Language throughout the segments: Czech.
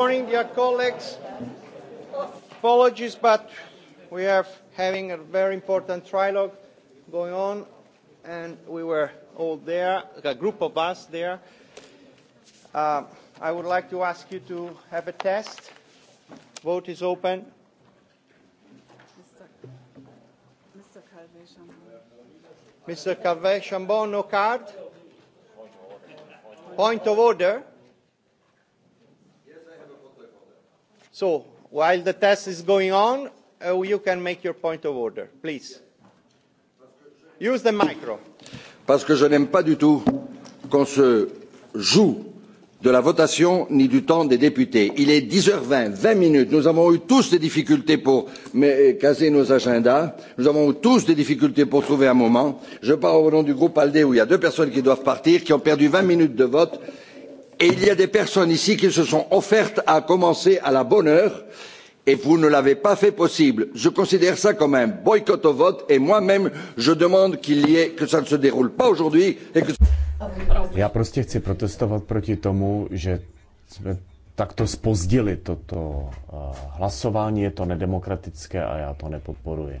morning, dear colleagues. Apologies, but we are having a very important trilogue going on, and we were all there, a group of us there. Uh, I would like to ask you to have a test. Vote is open. Mr. calvé chambon no card? Point of order. So while the test is going on, uh, you can make your point of order, please. Use the micro. Parce que je n'aime pas du tout qu'on se joue de la votation ni du temps des députés. Il est 10h20, 20 minutes. Nous avons eu tous des difficultés pour mais, euh, caser nos agendas. Nous avons eu tous des difficultés pour trouver un moment. Je pars au nom du groupe ALDE où il y a deux personnes qui doivent partir, qui ont perdu 20 minutes de vote Et il y a des personnes ici qui se sont offertes à commencer à la bonne heure et vous ne l'avez pas fait possible. Je considère cela comme un boycott au vote et moi-même je demande qu'il y ait, que ça ne se déroule pas aujourd'hui et que... Já prostě chci protestovat proti tomu, že jsme takto spozdili toto eh, hlasování, je to nedemokratické a já to nepodporuji.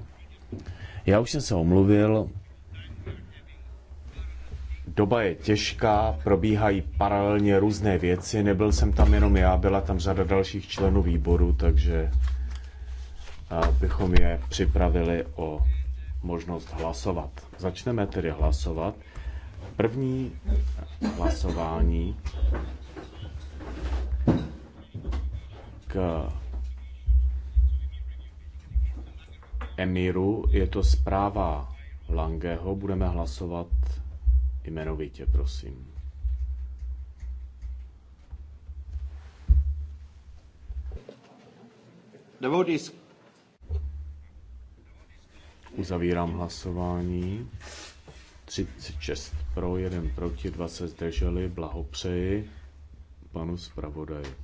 Já už jsem se omluvil, Doba je těžká, probíhají paralelně různé věci. Nebyl jsem tam jenom já, byla tam řada dalších členů výboru, takže bychom je připravili o možnost hlasovat. Začneme tedy hlasovat. První hlasování k Emiru je to zpráva Langeho. Budeme hlasovat Jmenovitě, prosím. Uzavírám hlasování. 36 pro, 1 proti, 2 se zdrželi. Blahopřeji panu zpravodaji.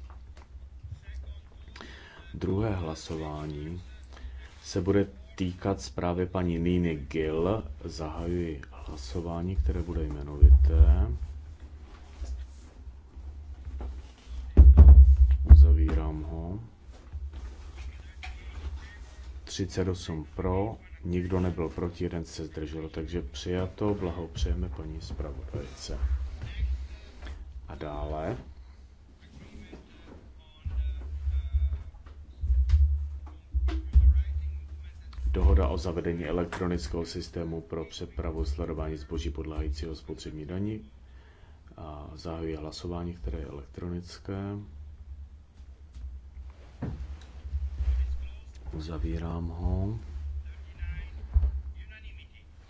Druhé hlasování se bude týkat zprávy paní Nýny Gill. Zahajuji hlasování, které bude jmenovité. Uzavírám ho. 38 pro, nikdo nebyl proti, jeden se zdržel, takže přijato, blahopřejeme paní zpravodajce. A dále Dohoda o zavedení elektronického systému pro přepravu sledování zboží podléhajícího spotřební dani. A zahajuji hlasování, které je elektronické. Uzavírám ho.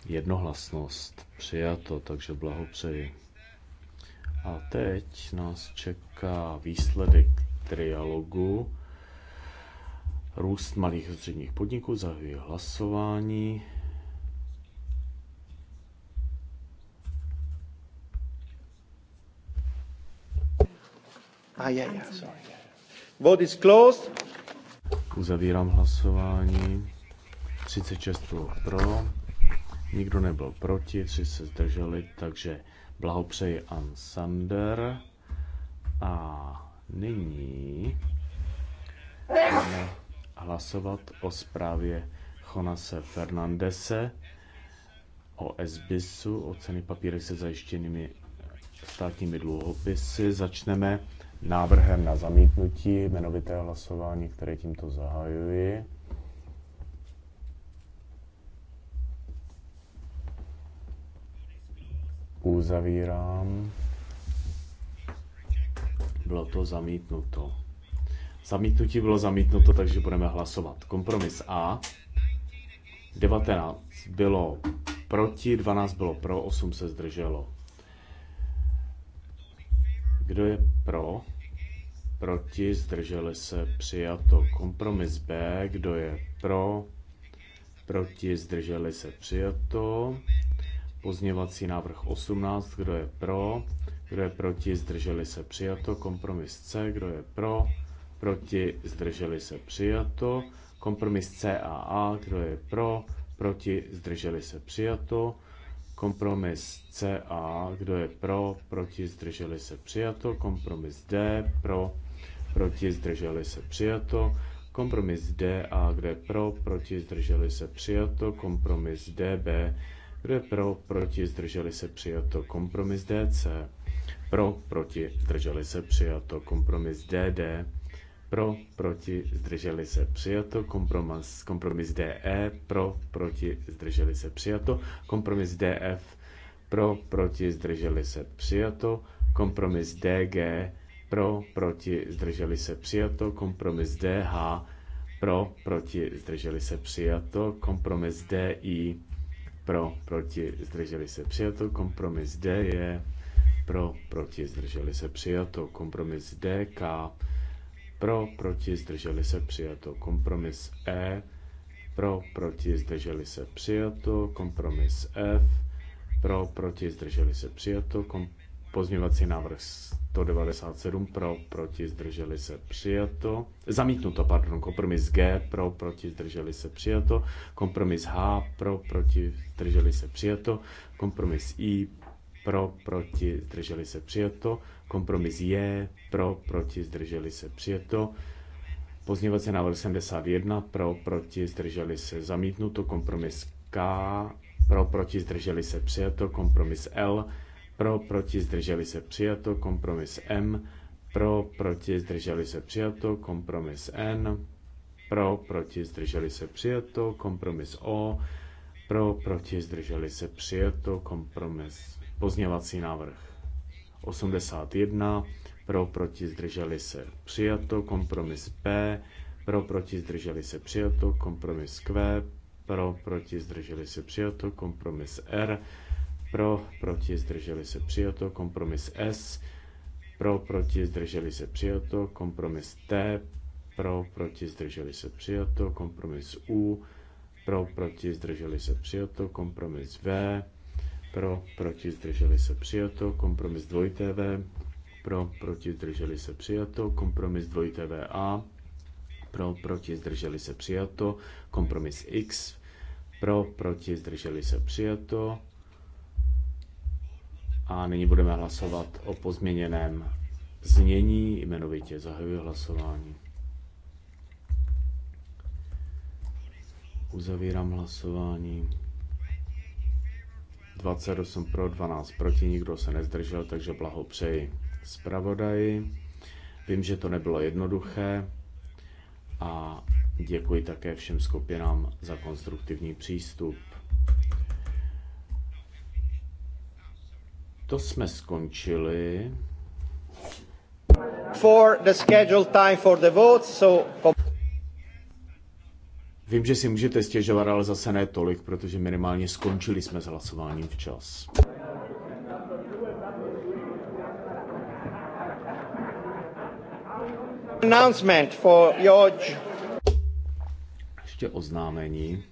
Jednohlasnost. Přijato, takže blahopřeji. A teď nás čeká výsledek trialogu Růst malých a středních podniků, zahajuji hlasování. Ah, yeah, yeah, sorry. Vote is closed. Uzavírám hlasování. 36 bylo pro, nikdo nebyl proti, tři se zdrželi, takže blahopřeji Ann Sander. A nyní... Ano hlasovat o zprávě Jonase Fernandese o SBISu, o ceny papíry se zajištěnými státními dluhopisy. Začneme návrhem na zamítnutí jmenovité hlasování, které tímto zahajuji. Uzavírám. Bylo to zamítnuto. Zamítnutí bylo zamítnuto, takže budeme hlasovat. Kompromis A. 19 bylo proti, 12 bylo pro, 8 se zdrželo. Kdo je pro? Proti, zdrželi se, přijato. Kompromis B, kdo je pro? Proti, zdrželi se, přijato. Pozněvací návrh 18, kdo je pro? Kdo je proti, zdrželi se, přijato. Kompromis C, kdo je pro? proti, zdrželi se přijato. Kompromis CAA, kdo je pro, proti, zdrželi se přijato. Kompromis CA, kdo je pro, proti, zdrželi se přijato. Kompromis D, pro, proti, zdrželi se přijato. Kompromis DA, kdo je pro, proti, zdrželi se přijato. Kompromis DB, kdo je pro, proti, zdrželi se přijato. Kompromis DC, pro, proti, zdrželi se přijato. Kompromis DD, pro, proti, zdrželi se přijato, kompromis, kompromis DE, pro, proti, zdrželi se přijato, kompromis DF, pro, proti, zdrželi se přijato, kompromis DG, pro, proti, zdrželi se přijato, kompromis DH, pro, proti, zdrželi se přijato, kompromis DI, pro, proti, zdrželi se přijato, kompromis D pro, proti, zdrželi se přijato, kompromis DK, pro, proti, zdrželi se přijato. Kompromis E. Pro, proti, zdrželi se přijato. Kompromis F. Pro, proti, zdrželi se přijato. Kom- pozměvací návrh 197 pro, proti, zdrželi se přijato. Zamítnuto, pardon, kompromis G pro, proti, zdrželi se přijato. Kompromis H pro, proti, zdrželi se přijato. Kompromis I pro, proti, zdrželi se přijato. Kompromis je pro, proti, zdrželi se přijeto. Pozněvací návrh 71 pro, proti, zdrželi se zamítnuto. Kompromis K pro, proti, zdrželi se přijato. Kompromis L pro, proti, zdrželi se přijato. Kompromis M pro, proti, zdrželi se přijato. Kompromis N pro, proti, zdrželi se přijato. Kompromis O pro, proti, zdrželi se přijato. Kompromis pozněvací návrh 81 pro, proti, zdrželi se, přijato, kompromis P, pro, proti, zdrželi se, přijato, kompromis Q, pro, proti, zdrželi se, přijato, kompromis R, pro, proti, zdrželi se, přijato, kompromis S, pro, proti, zdrželi se, přijato, kompromis T, pro, proti, zdrželi se, přijato, kompromis U, pro, proti, zdrželi se, přijato, kompromis V, pro, proti, zdrželi se přijato, kompromis 2TV, pro, proti, zdrželi se přijato, kompromis 2 a pro, proti, zdrželi se přijato, kompromis X, pro, proti, zdrželi se přijato. A nyní budeme hlasovat o pozměněném znění, jmenovitě zahajuji hlasování. Uzavírám hlasování. 28 pro, 12 proti, nikdo se nezdržel, takže blahopřeji zpravodaji. Vím, že to nebylo jednoduché a děkuji také všem skupinám za konstruktivní přístup. To jsme skončili. For the scheduled time for the votes, so... Vím, že si můžete stěžovat, ale zase ne tolik, protože minimálně skončili jsme s hlasováním včas. Announcement for George. Ještě oznámení.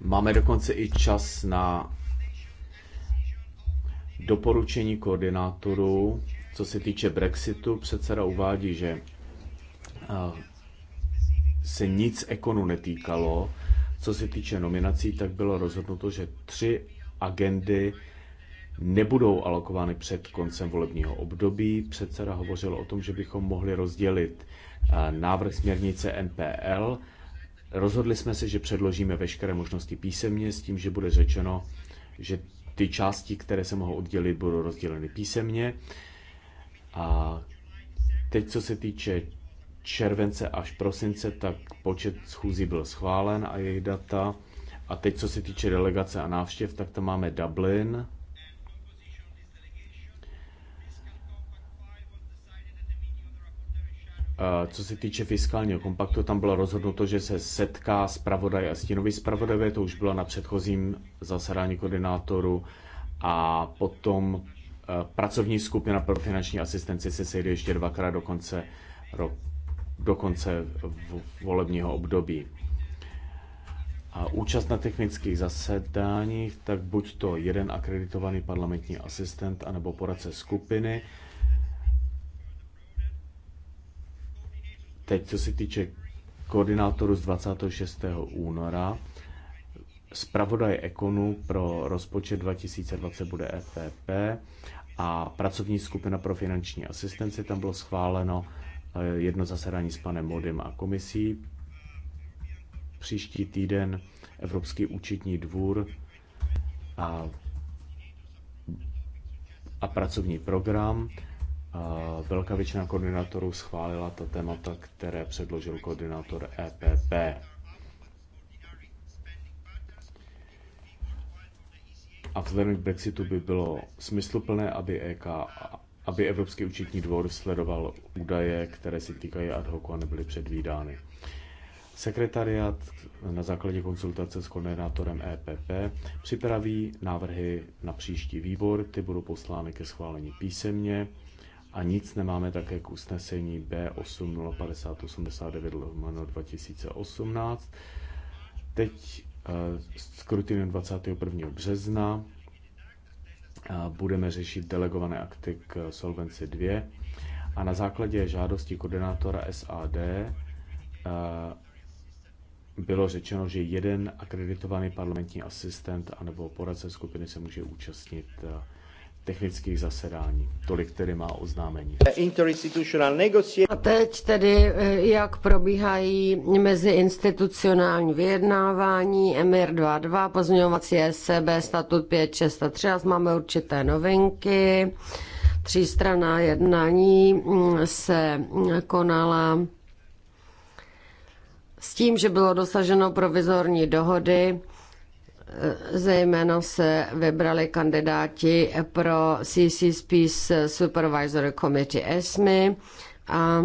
Máme dokonce i čas na doporučení koordinátorů. Co se týče Brexitu, předseda uvádí, že eh, se nic ekonu netýkalo. Co se týče nominací, tak bylo rozhodnuto, že tři agendy nebudou alokovány před koncem volebního období. Předseda hovořil o tom, že bychom mohli rozdělit eh, návrh směrnice NPL. Rozhodli jsme se, že předložíme veškeré možnosti písemně s tím, že bude řečeno, že ty části, které se mohou oddělit, budou rozděleny písemně. A teď, co se týče července až prosince, tak počet schůzí byl schválen a jejich data. A teď, co se týče delegace a návštěv, tak tam máme Dublin. Co se týče fiskálního kompaktu, tam bylo rozhodnuto, že se setká zpravodaj a stínový zpravodajové, to už bylo na předchozím zasedání koordinátoru a potom e, pracovní skupina pro finanční asistenci se sejde ještě dvakrát do konce roku do konce volebního období. A účast na technických zasedáních, tak buď to jeden akreditovaný parlamentní asistent anebo poradce skupiny. Teď, co se týče koordinátoru z 26. února, zpravodaj Ekonu pro rozpočet 2020 bude EPP a pracovní skupina pro finanční asistenci, tam bylo schváleno jedno zasedání s panem Modem a komisí. Příští týden Evropský účetní dvůr a, a pracovní program. A velká většina koordinátorů schválila ta témata, které předložil koordinátor EPP. A vzhledem k Brexitu by bylo smysluplné, aby EK aby Evropský účetní dvor sledoval údaje, které se týkají ad hoc a nebyly předvídány. Sekretariat na základě konzultace s koordinátorem EPP připraví návrhy na příští výbor, ty budou poslány ke schválení písemně a nic nemáme také k usnesení B805089 2018. Teď eh, s skrutinem 21. března budeme řešit delegované akty k Solvenci 2 a na základě žádosti koordinátora SAD eh, bylo řečeno, že jeden akreditovaný parlamentní asistent anebo poradce skupiny se může účastnit eh, technických zasedání. Tolik tedy má oznámení. A teď tedy, eh, jak probíhají meziinstitucionální vyjednávání EMIR 2.2, pozměňovací SCB, statut 3, máme určité novinky. Třístraná jednání mm, se mm, konala s tím, že bylo dosaženo provizorní dohody Zejména se vybrali kandidáti pro CCSP's Supervisory Committee ESMI a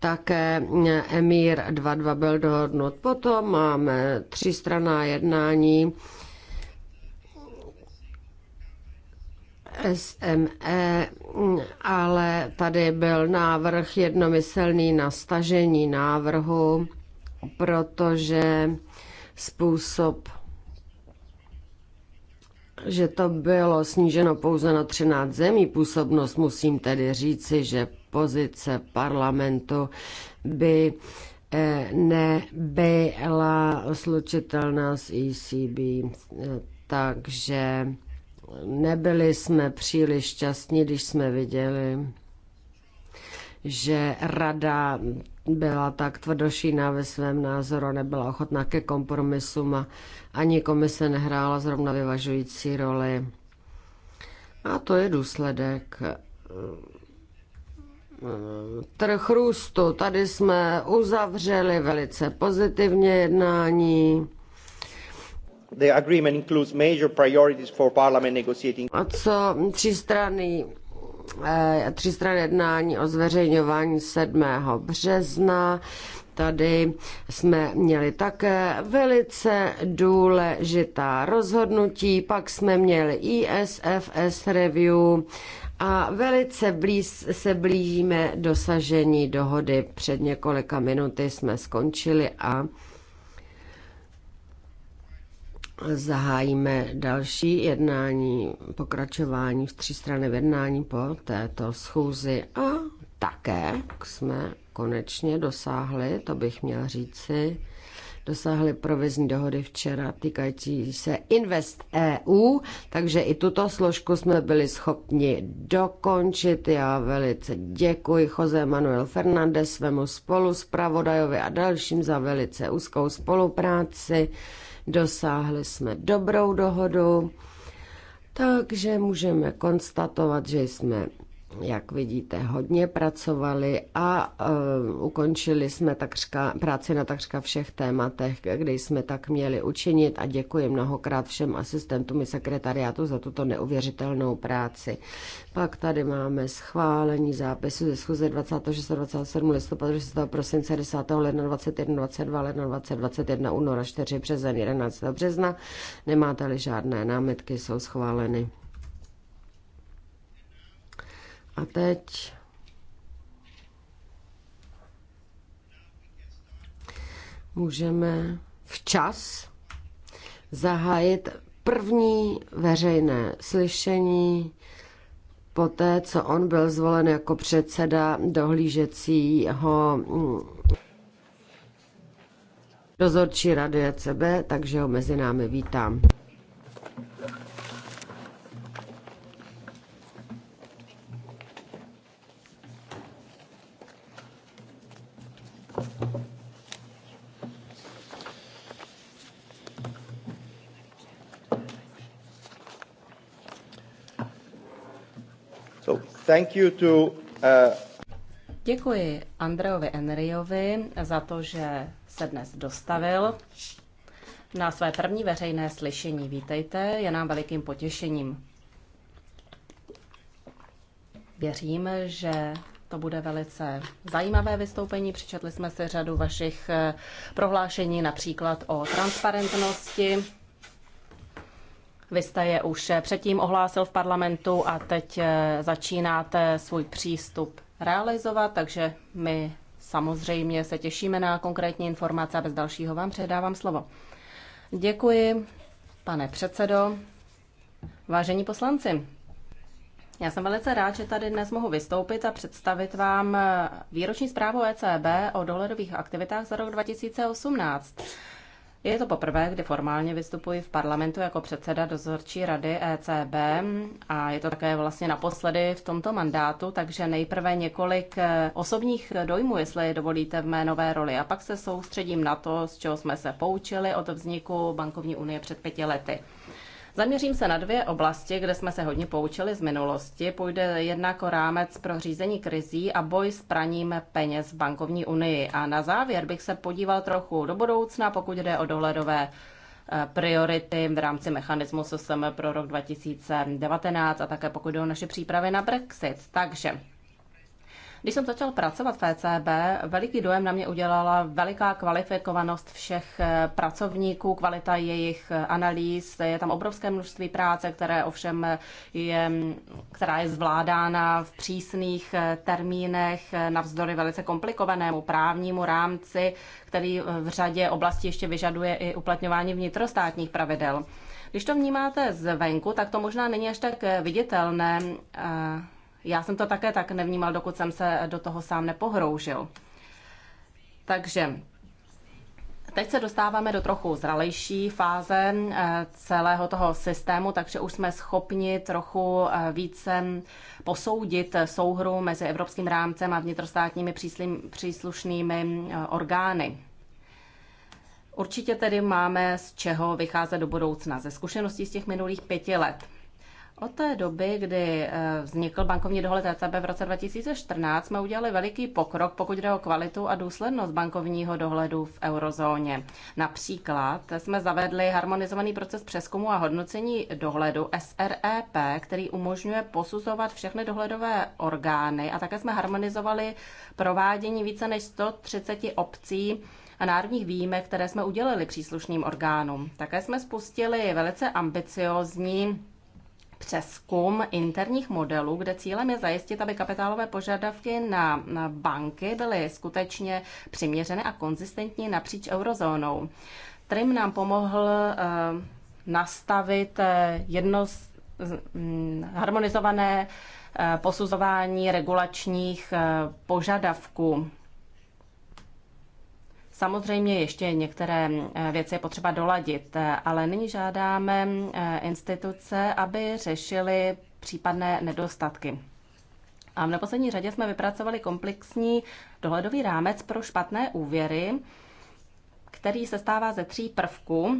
také Emír 22 byl dohodnut. Potom máme třístraná jednání SME, ale tady byl návrh jednomyslný na stažení návrhu, protože způsob že to bylo sníženo pouze na 13 zemí působnost, musím tedy říci, že pozice parlamentu by eh, nebyla slučitelná s ECB, eh, takže nebyli jsme příliš šťastní, když jsme viděli, že rada byla tak tvrdošína ve svém názoru, nebyla ochotná ke kompromisům a ani komise nehrála zrovna vyvažující roli. A to je důsledek eh, trh růstu. Tady jsme uzavřeli velice pozitivně jednání. The agreement includes major priorities for parliament negotiating. A co třístranný Eh, strany jednání o zveřejňování 7. března. Tady jsme měli také velice důležitá rozhodnutí, pak jsme měli ISFS review a velice blíz, se blížíme dosažení dohody. Před několika minuty jsme skončili a zahájíme další jednání, pokračování v třístranné jednání po této schůzi a také jsme konečně dosáhli, to bych měl říci, dosáhli provizní dohody včera týkající se Invest EU, takže i tuto složku jsme byli schopni dokončit. Já velice děkuji Jose Manuel Fernandez svému spolu s a dalším za velice úzkou spolupráci. Dosáhli jsme dobrou dohodu, takže můžeme konstatovat, že jsme jak vidíte, hodně pracovali a uh, ukončili jsme takřka, práci na takřka všech tématech, kde jsme tak měli učinit a děkuji mnohokrát všem asistentům i sekretariátu za tuto neuvěřitelnou práci. Pak tady máme schválení zápisu ze schůze 26. 27. listopadu, 6. prosince, 10. ledna 21, 22, ledna 20, 21, února 4, březen, 11. března. Nemáte-li žádné námitky, jsou schváleny. A teď můžeme včas zahájit první veřejné slyšení poté, co on byl zvolen jako předseda dohlížecího mm, dozorčí rady ECB, takže ho mezi námi vítám. Thank you to, uh... Děkuji Andreovi Enriovi za to, že se dnes dostavil na své první veřejné slyšení. Vítejte, je nám velikým potěšením. Věřím, že to bude velice zajímavé vystoupení. Přičetli jsme si řadu vašich eh, prohlášení, například o transparentnosti vy jste je už předtím ohlásil v parlamentu a teď eh, začínáte svůj přístup realizovat, takže my samozřejmě se těšíme na konkrétní informace a bez dalšího vám předávám slovo. Děkuji, pane předsedo. Vážení poslanci, já jsem velice rád, že tady dnes mohu vystoupit a představit vám eh, výroční zprávu ECB o dohledových aktivitách za rok 2018. Je to poprvé, kdy formálně vystupuji v parlamentu jako předseda dozorčí rady ECB a je to také vlastně naposledy v tomto mandátu, takže nejprve několik eh, osobních dojmů, jestli je dovolíte v mé nové roli. A pak se soustředím na to, z čeho jsme se poučili od vzniku bankovní unie před pěti lety. Zaměřím se na dvě oblasti, kde jsme se hodně poučili z minulosti. Půjde jednak o rámec pro řízení krizí a boj s praním peněz v bankovní unii. A na závěr bych se podíval trochu do budoucna, pokud jde o dohledové eh, priority v rámci mechanismu SSM pro rok 2019 a také pokud jde o naše přípravy na Brexit. Takže když jsem začal pracovat v ECB, veliký dojem na mě udělala veliká kvalifikovanost všech eh, pracovníků, kvalita jejich eh, analýz. Je tam obrovské množství práce, které ovšem je, která je zvládána v přísných eh, termínech navzdory velice komplikovanému právnímu rámci, který v řadě oblastí ještě vyžaduje i uplatňování vnitrostátních pravidel. Když to vnímáte zvenku, tak to možná není až tak viditelné. Já jsem to také tak nevnímal, dokud jsem se do toho sám nepohroužil. Takže Teď se dostáváme do trochu zralejší fáze eh, celého toho systému, takže už jsme schopni trochu eh, více posoudit souhru mezi evropským rámcem a vnitrostátními příslušnými eh, orgány. Určitě tedy máme z čeho vycházet do budoucna, ze zkušeností z těch minulých pěti let. Od té doby, kdy eh, vznikl bankovní dohled ECB v roce 2014, jsme udělali veliký pokrok, pokud jde o kvalitu a důslednost bankovního dohledu v eurozóně. Například jsme zavedli harmonizovaný proces přeskumu a hodnocení dohledu SREP, který umožňuje posuzovat všechny dohledové orgány a také jsme harmonizovali provádění více než 130 obcí a národních výjimek, které jsme udělili příslušným orgánům. Také jsme spustili velice ambiciozní přeskum interních modelů, kde cílem je zajistit, aby kapitálové požadavky na, na banky byly skutečně přiměřené a konzistentní napříč eurozónou. Trim nám pomohl uh, nastavit eh, jedno z, um, harmonizované uh, posuzování regulačních uh, požadavků. Samozřejmě ještě některé mm, eh, věci je potřeba doladit, eh, ale nyní žádáme eh, instituce, aby řešily případné nedostatky. A v neposlední řadě jsme vypracovali komplexní dohledový rámec pro špatné úvěry, který se stává ze tří prvků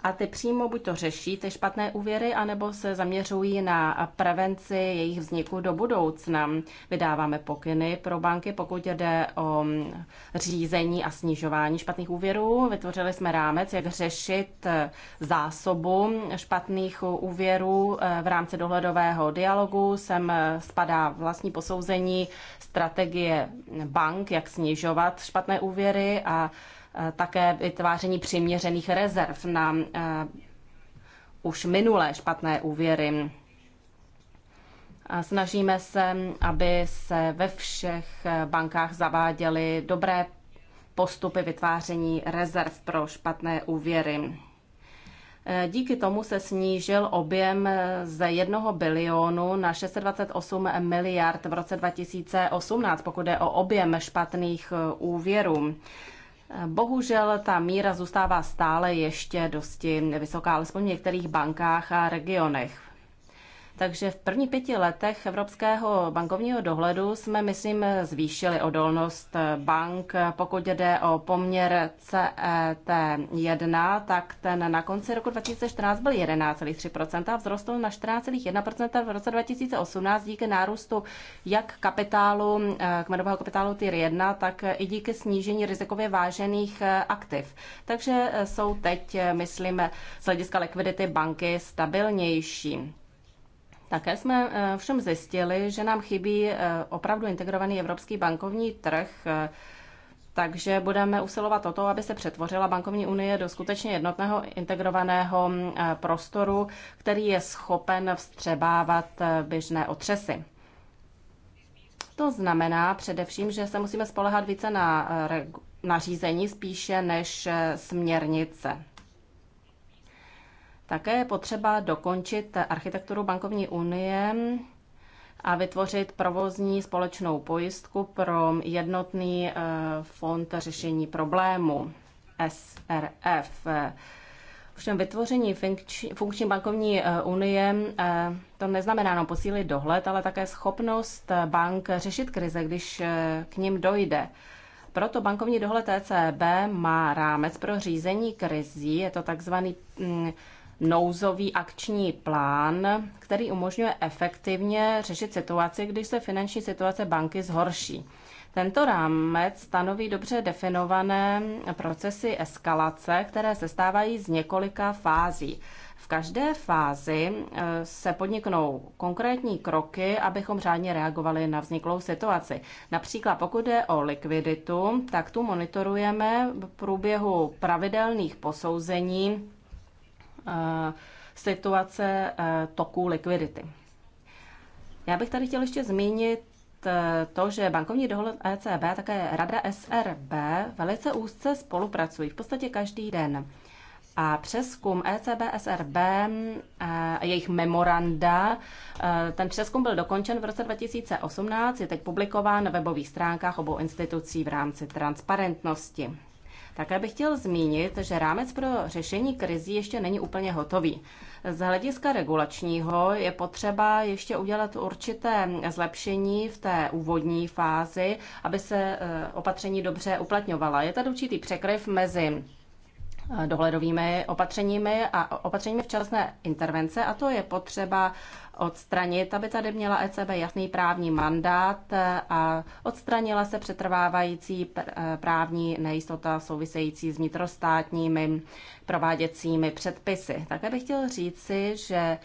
a ty přímo buď to řeší ty špatné úvěry, anebo se zaměřují na prevenci jejich vzniku do budoucna. Vydáváme pokyny pro banky, pokud jde o řízení a snižování špatných úvěrů. Vytvořili jsme rámec, jak řešit zásobu špatných úvěrů eh, v rámci dohledového dialogu. Sem eh, spadá vlastní posouzení strategie bank, jak snižovat špatné úvěry a Eh, také vytváření přiměřených rezerv na eh, už minulé špatné úvěry. A snažíme se, aby se ve všech eh, bankách zaváděly dobré postupy vytváření rezerv pro špatné úvěry. Díky tomu se snížil objem z 1 bilionu na 628 miliard v roce 2018, pokud jde o objem špatných úvěrů. Bohužel ta míra zůstává stále ještě dosti vysoká, alespoň v některých bankách a regionech. Takže v prvních pěti letech evropského bankovního dohledu jsme, myslím, zvýšili odolnost bank. Pokud jde o poměr CET1, tak ten na konci roku 2014 byl 11,3% a vzrostl na 14,1% v roce 2018 díky nárůstu jak kapitálu, eh, kmenového kapitálu TIR 1, tak i díky snížení rizikově vážených eh, aktiv. Takže eh, jsou teď, myslím, z hlediska likvidity banky stabilnější. Také jsme eh, všem zjistili, že nám chybí eh, opravdu integrovaný evropský bankovní trh, eh, takže budeme usilovat o to, aby se přetvořila bankovní unie do skutečně jednotného integrovaného mm, prostoru, který je schopen vstřebávat běžné otřesy. To znamená především, že se musíme spolehat více na nařízení spíše než směrnice. Také je potřeba dokončit architekturu bankovní unie a vytvořit provozní společnou pojistku pro jednotný eh, fond řešení problému SRF. Všem vytvoření funkční, funkční bankovní eh, unie eh, to neznamená jenom posílit dohled, ale také schopnost bank řešit krize, když k ním dojde. Proto bankovní dohled ECB má rámec pro řízení krizí, je to takzvaný mm, nouzový akční plán, který umožňuje efektivně řešit situaci, když se finanční situace banky zhorší. Tento rámec stanoví dobře definované procesy eskalace, které se stávají z několika fází. V každé fázi eh, se podniknou konkrétní kroky, abychom řádně reagovali na vzniklou situaci. Například pokud jde o likviditu, tak tu monitorujeme v průběhu pravidelných posouzení Eh, situace eh, toků likvidity. Já bych tady chtěl ještě zmínit eh, to, že bankovní dohled ECB, také Rada SRB velice úzce spolupracují, v podstatě každý den. A přeskum ECB, SRB a jejich memoranda, ten přeskum byl dokončen v roce 2018, je teď publikován na webových stránkách obou institucí v rámci transparentnosti. Také bych chtěl zmínit, že rámec pro řešení krizí ještě není úplně hotový. Z hlediska regulačního je potřeba ještě udělat určité zlepšení v té úvodní fázi, aby se eh, opatření dobře uplatňovala. Je tady určitý překryv mezi dohledovými opatřeními a opatřeními včasné intervence a to je potřeba odstranit, aby tady měla ECB jasný právní mandát a odstranila se přetrvávající eh, právní nejistota související s vnitrostátními prováděcími předpisy. Také bych chtěl říci, že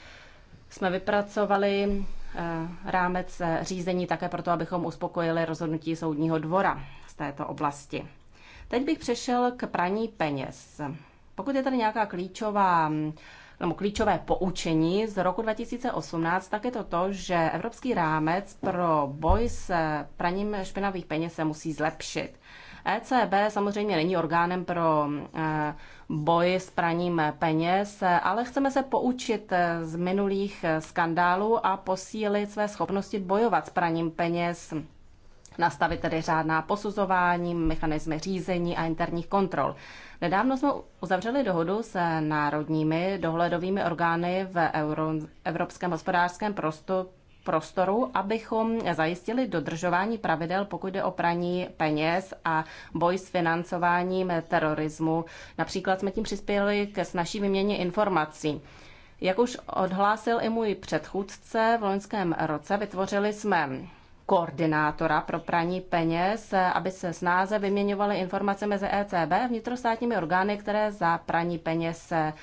jsme vypracovali eh, rámec eh, řízení také proto, abychom uspokojili rozhodnutí soudního dvora z této oblasti. Teď bych přešel k praní peněz. Pokud je tady nějaká klíčová nebo klíčové poučení z roku 2018, tak je to to, že evropský rámec pro boj s praním špinavých peněz se musí zlepšit. ECB samozřejmě není orgánem pro eh, boj s praním peněz, ale chceme se poučit eh, z minulých eh, skandálů a posílit své schopnosti bojovat s praním peněz nastavit tedy řádná posuzování, mechanizmy řízení a interních kontrol. Nedávno jsme uzavřeli dohodu s národními dohledovými orgány v Euro, Evropském hospodářském prostoru, prostoru, abychom zajistili dodržování pravidel, pokud jde o praní peněz a boj s financováním terorismu. Například jsme tím přispěli ke snažší vyměně informací. Jak už odhlásil i můj předchůdce v loňském roce, vytvořili jsme koordinátora pro praní peněz, aby se snáze vyměňovaly informace mezi ECB a vnitrostátními orgány, které za praní peněz eh,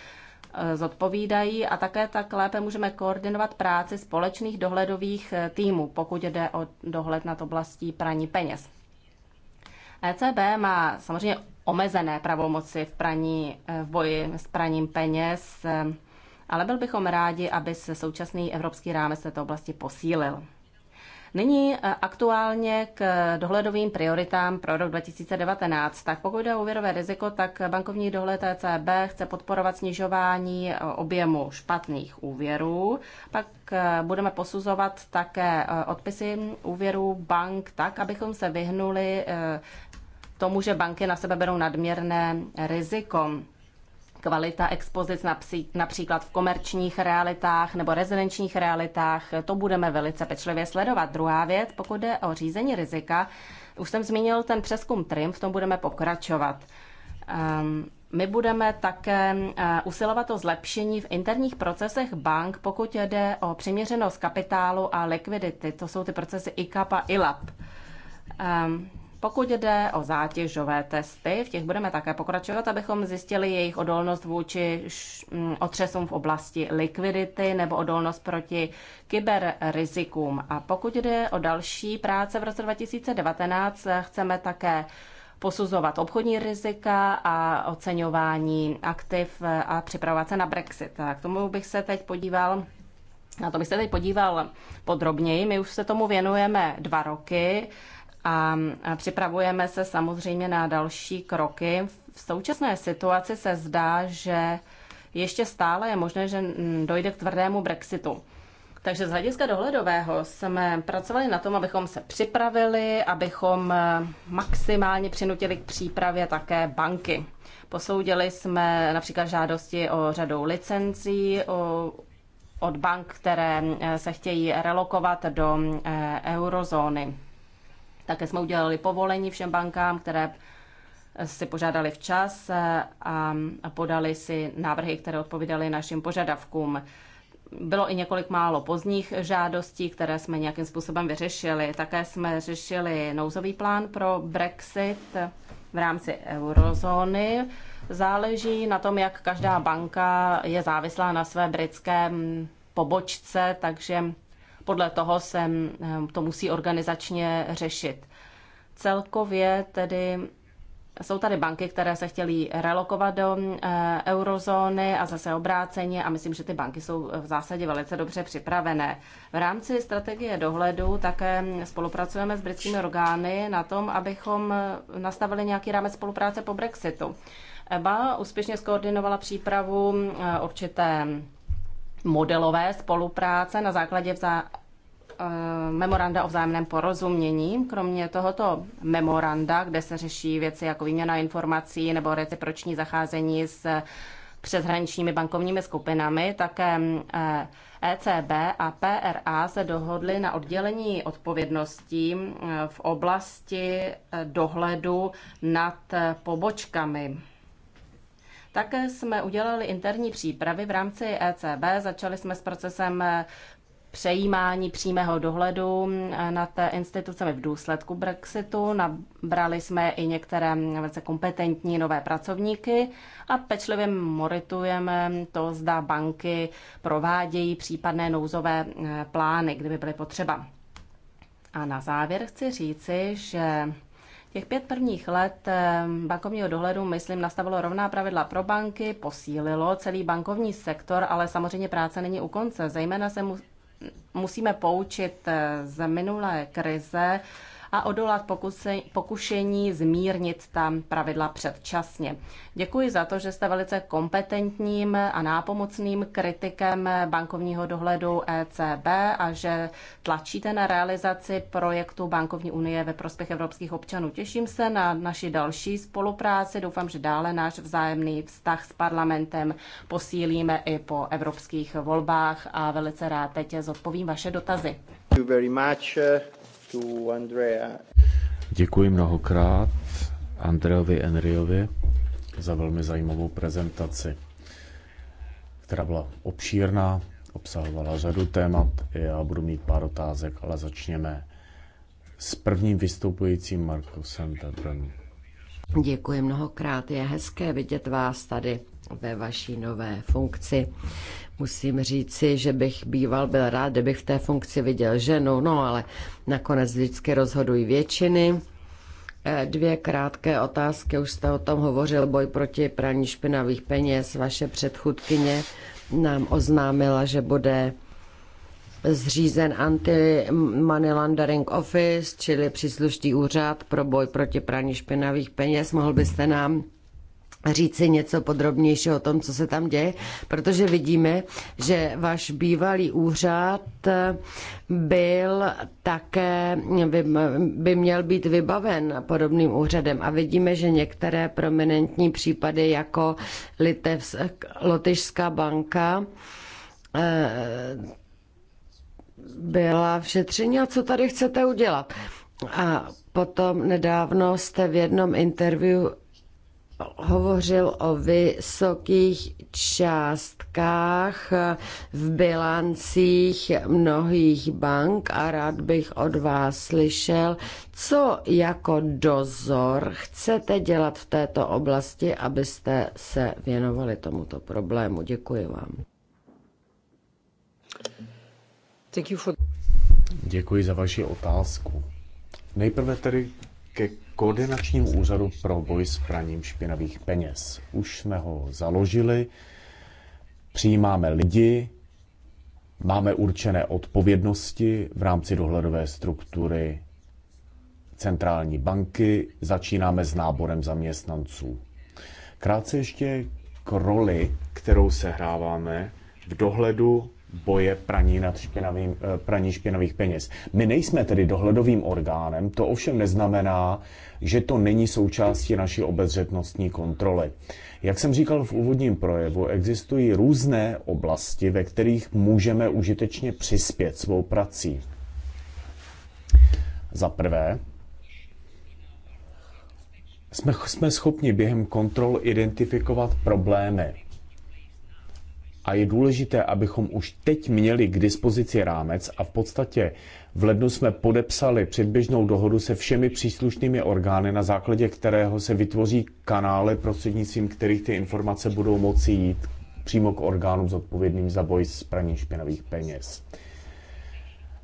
zodpovídají a také tak lépe můžeme koordinovat práci společných dohledových eh, týmů, pokud jde o dohled nad oblastí praní peněz. ECB má samozřejmě omezené pravomoci v, praní, eh, v boji s praním peněz, ale byl bychom rádi, aby se současný evropský rámec této oblasti posílil. Nyní eh, aktuálně k dohledovým prioritám pro rok 2019. Tak pokud jde o úvěrové riziko, tak bankovní dohled ECB chce podporovat snižování eh, objemu špatných úvěrů. Pak eh, budeme posuzovat také odpisy úvěrů bank tak, abychom se vyhnuli tomu, že banky na sebe berou nadměrné riziko kvalita expozic například v komerčních realitách nebo rezidenčních realitách, to budeme velice pečlivě sledovat. Druhá věc, pokud jde o řízení rizika, už jsem zmínil ten přeskum TRIM, v tom budeme pokračovat. Um, my budeme také eh, usilovat o zlepšení v interních procesech bank, pokud jde o přiměřenost kapitálu a likvidity. To jsou ty procesy ICAP a ILAP. Um, pokud jde o zátěžové testy, v těch budeme také pokračovat, abychom zjistili jejich odolnost vůči mm, otřesům v oblasti likvidity nebo odolnost proti kyberrizikům. A pokud jde o další práce v roce 2019, chceme také posuzovat obchodní rizika a oceňování aktiv a připravovat se na Brexit. A k tomu bych se teď podíval na to bych se teď podíval podrobněji. My už se tomu věnujeme dva roky a připravujeme se samozřejmě na další kroky. V současné situaci se zdá, že ještě stále je možné, že mm, dojde k tvrdému Brexitu. Takže z hlediska dohledového jsme pracovali na tom, abychom se připravili, abychom e, maximálně přinutili k přípravě také banky. Posoudili jsme například žádosti o řadu licencí od bank, které e, se chtějí relokovat do e, eurozóny. Také jsme udělali povolení všem bankám, které si požádali včas eh, a podali si návrhy, které odpovídaly našim požadavkům. Bylo i několik málo pozdních žádostí, které jsme nějakým způsobem vyřešili. Také jsme řešili nouzový plán pro Brexit v rámci eurozóny. Záleží na tom, jak každá banka je závislá na své britské mm, pobočce, takže podle toho se eh, to musí organizačně řešit. Celkově tedy jsou tady banky, které se chtěly relokovat do eh, eurozóny a zase obráceně a myslím, že ty banky jsou v zásadě velice dobře připravené. V rámci strategie dohledu také spolupracujeme s britskými orgány na tom, abychom eh, nastavili nějaký rámec spolupráce po Brexitu. EBA úspěšně skoordinovala přípravu určité modelové spolupráce na základě vzá, eh, memoranda o vzájemném porozumění. Kromě tohoto memoranda, kde se řeší věci jako výměna informací nebo reciproční zacházení s přeshraničními bankovními skupinami, také ECB eh, e a PRA se dohodly na oddělení odpovědností eh, v oblasti dohledu nad pobočkami. Také jsme udělali interní přípravy v rámci ECB, začali jsme s procesem eh, přejímání přímého dohledu eh, nad eh, institucemi v důsledku Brexitu. Nabrali jsme i některé mm, velice kompetentní nové pracovníky a pečlivě moritujeme to, zda banky provádějí případné nouzové plány, kdyby byly potřeba. A na závěr chci říci, že Těch pět prvních let bankovního dohledu, myslím, nastavilo rovná pravidla pro banky, posílilo celý bankovní sektor, ale samozřejmě práce není u konce. Zejména se mu, musíme poučit eh, z minulé krize, a odolat pokušení zmírnit tam pravidla předčasně. Děkuji za to, že jste velice kompetentním a nápomocným kritikem bankovního dohledu ECB a že tlačíte na realizaci projektu Bankovní unie ve prospěch evropských občanů. Těším se na naši další spolupráci. Doufám, že dále náš vzájemný vztah s parlamentem posílíme i po evropských volbách a velice rád teď zodpovím vaše dotazy. Thank you very much. Eh, to Andrea. Děkuji mnohokrát Andreovi Enriovi za velmi zajímavou prezentaci, která byla obšírná, obsahovala řadu témat. Já budu mít pár otázek, ale začněme s prvním vystupujícím Markusem Tabrem. Děkuji mnohokrát, je hezké vidět vás tady ve vaší nové funkci. Musím říci, že bych býval byl rád, kdybych v té funkci viděl ženu, no ale nakonec vždycky rozhodují většiny. Eh, dvě krátké otázky, už jste o tom hovořil, boj proti praní špinavých peněz. Vaše předchůdkyně nám oznámila, že bude zřízen Anti-Money Laundering Office, čili příslušný úřad pro boj proti praní špinavých peněz. Mohl byste nám říci něco podrobnějšího o tom, co se tam děje, protože vidíme, že váš bývalý úřad byl také, by, by měl být vybaven podobným úřadem a vidíme, že některé prominentní případy jako Litevsk, Lotyšská banka eh, byla v šetření a co tady chcete udělat? A potom nedávno jste v jednom interview hovořil o vysokých částkách v bilancích mnohých bank a rád bych od vás slyšel, co jako dozor chcete dělat v této oblasti, abyste se věnovali tomuto problému. Děkuji vám. Děkuji za vaši otázku. Nejprve tedy ke koordinačním úřadu pro boj s praním špinavých peněz. Už jsme ho založili, přijímáme lidi, máme určené odpovědnosti v rámci dohledové struktury centrální banky, začínáme s náborem zaměstnanců. Krátce ještě k roli, kterou sehráváme v dohledu boje praní, nad špinavý, eh, praní špinavých peněz. My nejsme tedy dohledovým orgánem, to ovšem neznamená, že to není součástí naší obezřetnostní kontroly. Jak jsem říkal v úvodním projevu, existují různé oblasti, ve kterých můžeme užitečně přispět svou prací. Za prvé, jsme, jsme schopni během kontrol identifikovat problémy a je důležité, abychom už teď měli k dispozici rámec a v podstatě v lednu jsme podepsali předběžnou dohodu se všemi příslušnými orgány, na základě kterého se vytvoří kanály, prostřednictvím kterých ty informace budou moci jít přímo k orgánům zodpovědným za boj s praním špinavých peněz.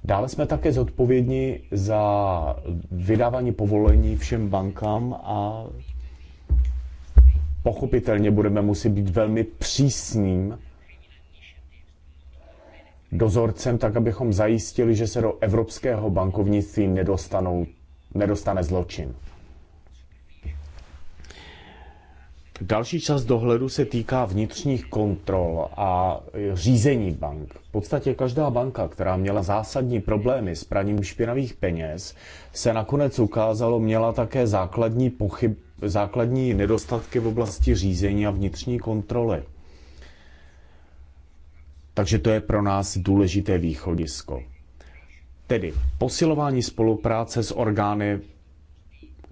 Dále jsme také zodpovědní za vydávání povolení všem bankám a pochopitelně budeme muset být velmi přísným dozorcem, tak abychom zajistili, že se do evropského bankovnictví nedostanou, nedostane zločin. Další část dohledu se týká vnitřních kontrol a řízení bank. V podstatě každá banka, která měla zásadní problémy s praním špinavých peněz, se nakonec ukázalo, měla také základní, pochyb, základní nedostatky v oblasti řízení a vnitřní kontroly. Takže to je pro nás důležité východisko. Tedy posilování spolupráce s orgány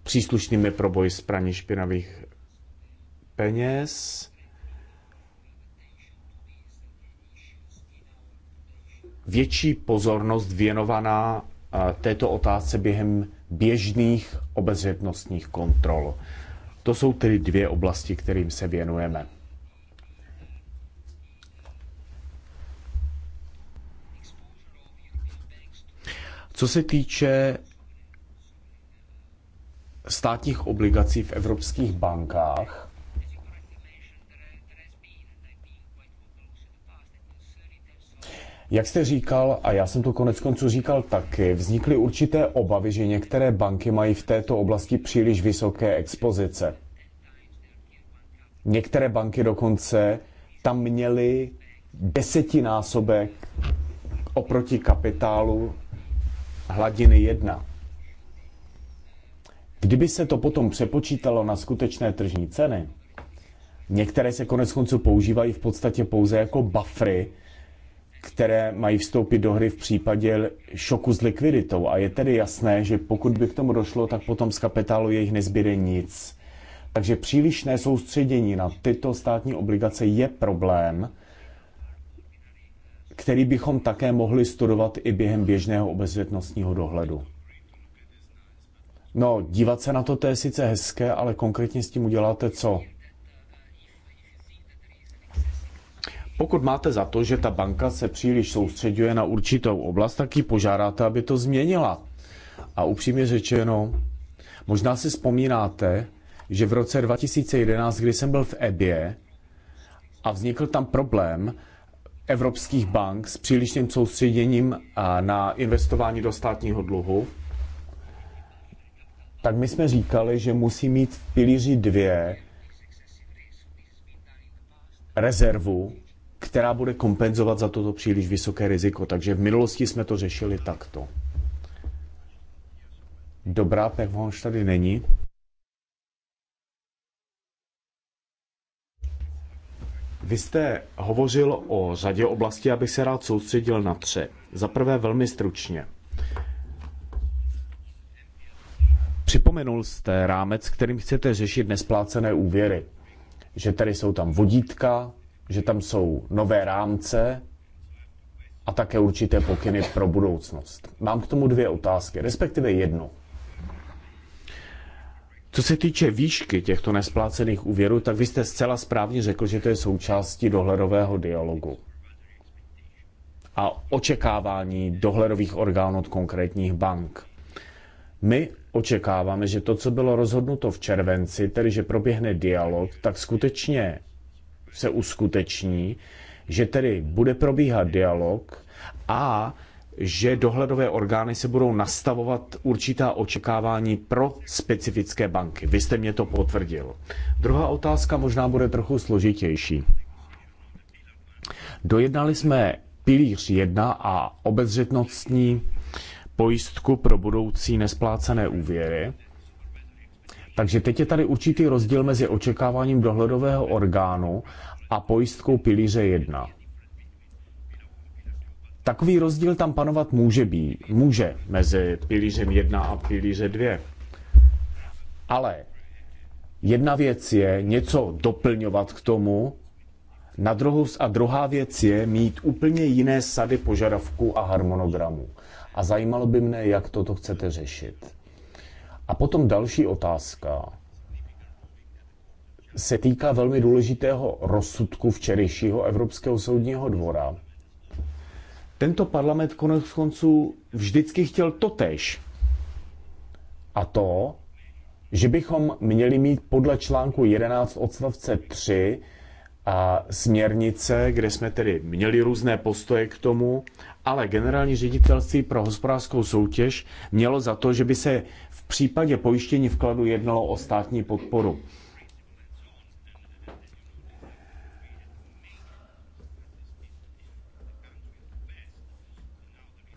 příslušnými pro boj s praní špinavých peněz, větší pozornost věnovaná eh, této otázce během běžných obezřetnostních kontrol. To jsou tedy dvě oblasti, kterým se věnujeme. Co se týče státních obligací v evropských bankách, Jak jste říkal, a já jsem to konec konců říkal taky, vznikly určité obavy, že některé banky mají v této oblasti příliš vysoké expozice. Některé banky dokonce tam měly desetinásobek oproti kapitálu hladiny 1. Kdyby se to potom přepočítalo na skutečné tržní ceny, některé se konec konců používají v podstatě pouze jako buffery, které mají vstoupit do hry v případě šoku s likviditou. A je tedy jasné, že pokud by k tomu došlo, tak potom z kapitálu jejich nezbyde nic. Takže přílišné soustředění na tyto státní obligace je problém který bychom také mohli studovat i během běžného obezřetnostního dohledu. No, dívat se na to, to je sice hezké, ale konkrétně s tím uděláte co? Pokud máte za to, že ta banka se příliš soustředuje na určitou oblast, tak ji požádáte, aby to změnila. A upřímně řečeno, možná si vzpomínáte, že v roce 2011, kdy jsem byl v EBě a vznikl tam problém, evropských bank s přílišným soustředěním na investování do státního dluhu, tak my jsme říkali, že musí mít v pilíři dvě rezervu, která bude kompenzovat za toto příliš vysoké riziko. Takže v minulosti jsme to řešili takto. Dobrá, Pervonš tady není. Vy jste hovořil o řadě oblastí, abych se rád soustředil na tři. Za prvé velmi stručně. Připomenul jste rámec, kterým chcete řešit nesplácené úvěry. Že tady jsou tam vodítka, že tam jsou nové rámce a také určité pokyny pro budoucnost. Mám k tomu dvě otázky, respektive jednu. Co se týče výšky těchto nesplácených úvěrů, tak vy jste zcela správně řekl, že to je součástí dohledového dialogu a očekávání dohledových orgánů od konkrétních bank. My očekáváme, že to, co bylo rozhodnuto v červenci, tedy že proběhne dialog, tak skutečně se uskuteční, že tedy bude probíhat dialog a že dohledové orgány se budou nastavovat určitá očekávání pro specifické banky. Vy jste mě to potvrdil. Druhá otázka možná bude trochu složitější. Dojednali jsme pilíř 1 a obezřetnostní pojistku pro budoucí nesplácené úvěry. Takže teď je tady určitý rozdíl mezi očekáváním dohledového orgánu a pojistkou pilíře 1. Takový rozdíl tam panovat může, být, může mezi pilířem 1 a pilíře 2. Ale jedna věc je něco doplňovat k tomu, na druhou, a druhá věc je mít úplně jiné sady požadavků a harmonogramů. A zajímalo by mne, jak toto chcete řešit. A potom další otázka se týká velmi důležitého rozsudku včerejšího Evropského soudního dvora, tento parlament konec konců vždycky chtěl totež. A to, že bychom měli mít podle článku 11 odstavce 3 a směrnice, kde jsme tedy měli různé postoje k tomu, ale generální ředitelství pro hospodářskou soutěž mělo za to, že by se v případě pojištění vkladu jednalo o státní podporu.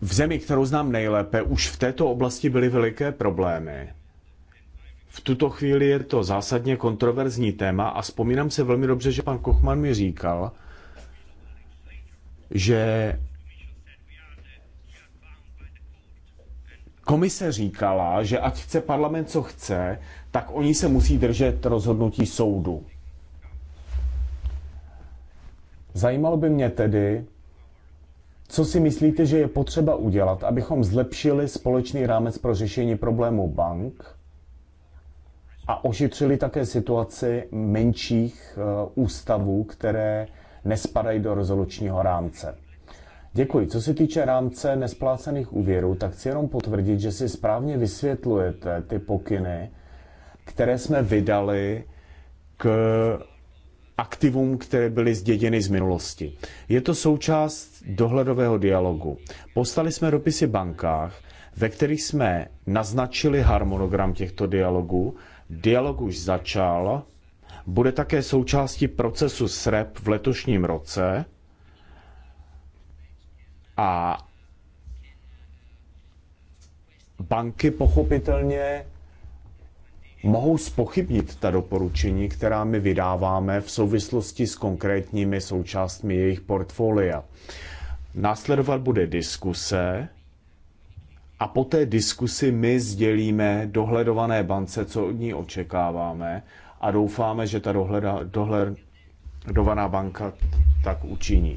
V zemi, kterou znám nejlépe, už v této oblasti byly veliké problémy. V tuto chvíli je to zásadně kontroverzní téma a vzpomínám se velmi dobře, že pan Kochman mi říkal, že komise říkala, že ať chce parlament co chce, tak oni se musí držet rozhodnutí soudu. Zajímalo by mě tedy, co si myslíte, že je potřeba udělat, abychom zlepšili společný rámec pro řešení problému bank a ošetřili také situaci menších eh, ústavů, které nespadají do rezolučního rámce? Děkuji. Co se týče rámce nesplácených úvěrů, tak chci jenom potvrdit, že si správně vysvětlujete ty pokyny, které jsme vydali k aktivům, které byly zděděny z minulosti. Je to součást dohledového dialogu. Poslali jsme dopisy bankách, ve kterých jsme naznačili harmonogram těchto dialogů. Dialog už začal, bude také součástí procesu SREP v letošním roce a banky pochopitelně mohou spochybnit ta doporučení, která my vydáváme v souvislosti s konkrétními součástmi jejich portfolia. Následovat bude diskuse a po té diskusi my sdělíme dohledované bance, co od ní očekáváme a doufáme, že ta dohleda, dohledovaná banka tak učiní.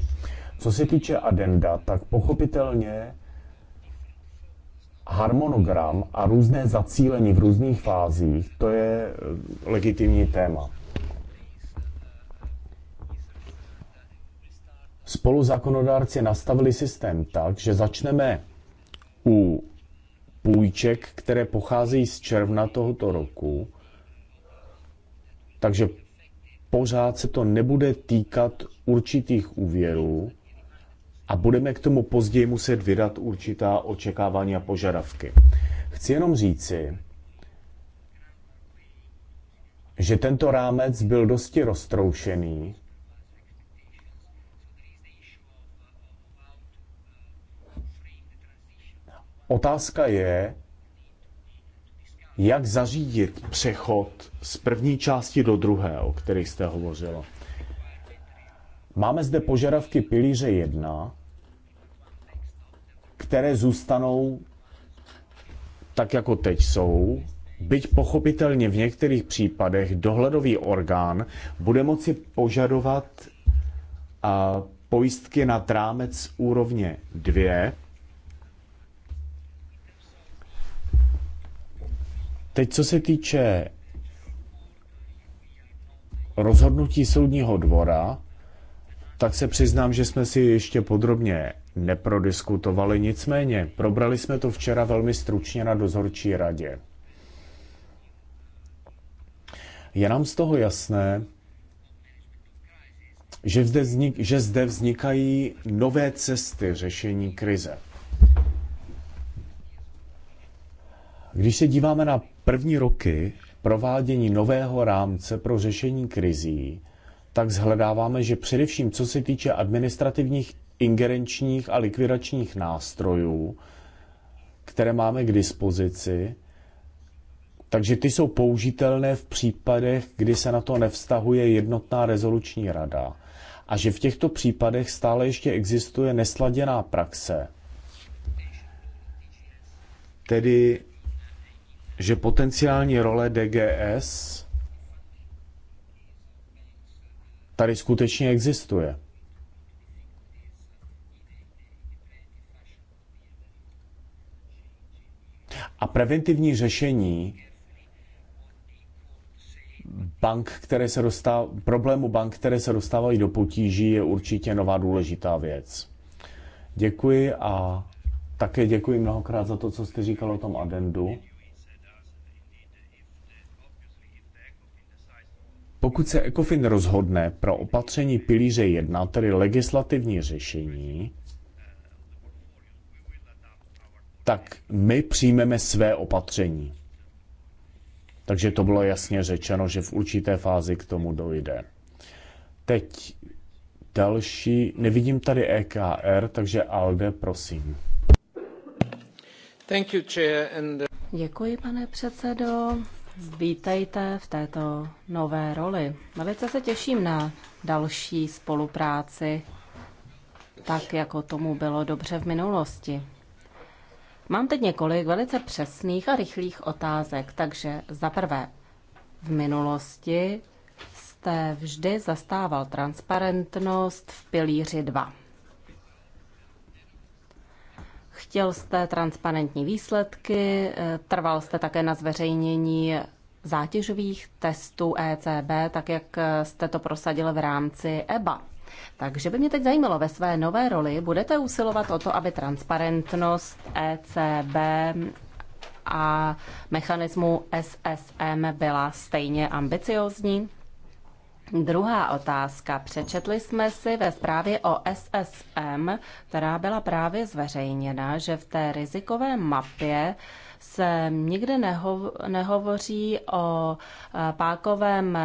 Co se týče adenda, tak pochopitelně harmonogram a různé zacílení v různých fázích, to je eh, legitimní téma. Spoluzákonodárci nastavili systém tak, že začneme u půjček, které pocházejí z června tohoto roku, takže pořád se to nebude týkat určitých úvěrů, a budeme k tomu později muset vydat určitá očekávání a požadavky. Chci jenom říci, že tento rámec byl dosti roztroušený. Otázka je, jak zařídit přechod z první části do druhé, o kterých jste hovořilo. Máme zde požadavky pilíře 1, které zůstanou tak, jako teď jsou, byť pochopitelně v některých případech dohledový orgán bude moci požadovat a, pojistky na trámec úrovně 2. Teď, co se týče rozhodnutí soudního dvora, tak se přiznám, že jsme si ještě podrobně neprodiskutovali. Nicméně, probrali jsme to včera velmi stručně na dozorčí radě. Je nám z toho jasné, že zde, vznik, že zde vznikají nové cesty řešení krize. Když se díváme na první roky provádění nového rámce pro řešení krizí, tak zhledáváme, že především co se týče administrativních ingerenčních a likvidačních nástrojů, které máme k dispozici, takže ty jsou použitelné v případech, kdy se na to nevztahuje jednotná rezoluční rada. A že v těchto případech stále ještě existuje nesladěná praxe. Tedy, že potenciální role DGS tady skutečně existuje. A preventivní řešení bank, které se dostáv, problému bank, které se dostávají do potíží, je určitě nová důležitá věc. Děkuji a také děkuji mnohokrát za to, co jste říkal o tom adendu. Pokud se ECOFIN rozhodne pro opatření pilíře 1, tedy legislativní řešení, tak my přijmeme své opatření. Takže to bylo jasně řečeno, že v určité fázi k tomu dojde. Teď další, nevidím tady EKR, takže Alde, prosím. Uh, Děkuji, pane předsedo. Vítejte v této nové roli. Velice se těším na další spolupráci, tak jako tomu bylo dobře v minulosti. Mám teď několik velice přesných a rychlých otázek, takže za prvé, v minulosti jste vždy zastával transparentnost v pilíři 2. Chtěl jste transparentní výsledky, eh, trval jste také na zveřejnění zátěžových testů ECB, tak jak eh, jste to prosadil v rámci EBA. Takže by mě teď zajímalo, ve své nové roli budete usilovat o to, aby transparentnost ECB a mechanismu SSM byla stejně ambiciozní? Druhá otázka. Přečetli jsme si ve zprávě o SSM, která byla právě zveřejněna, že v té rizikové mapě se nikde neho- nehovoří o eh, pákovém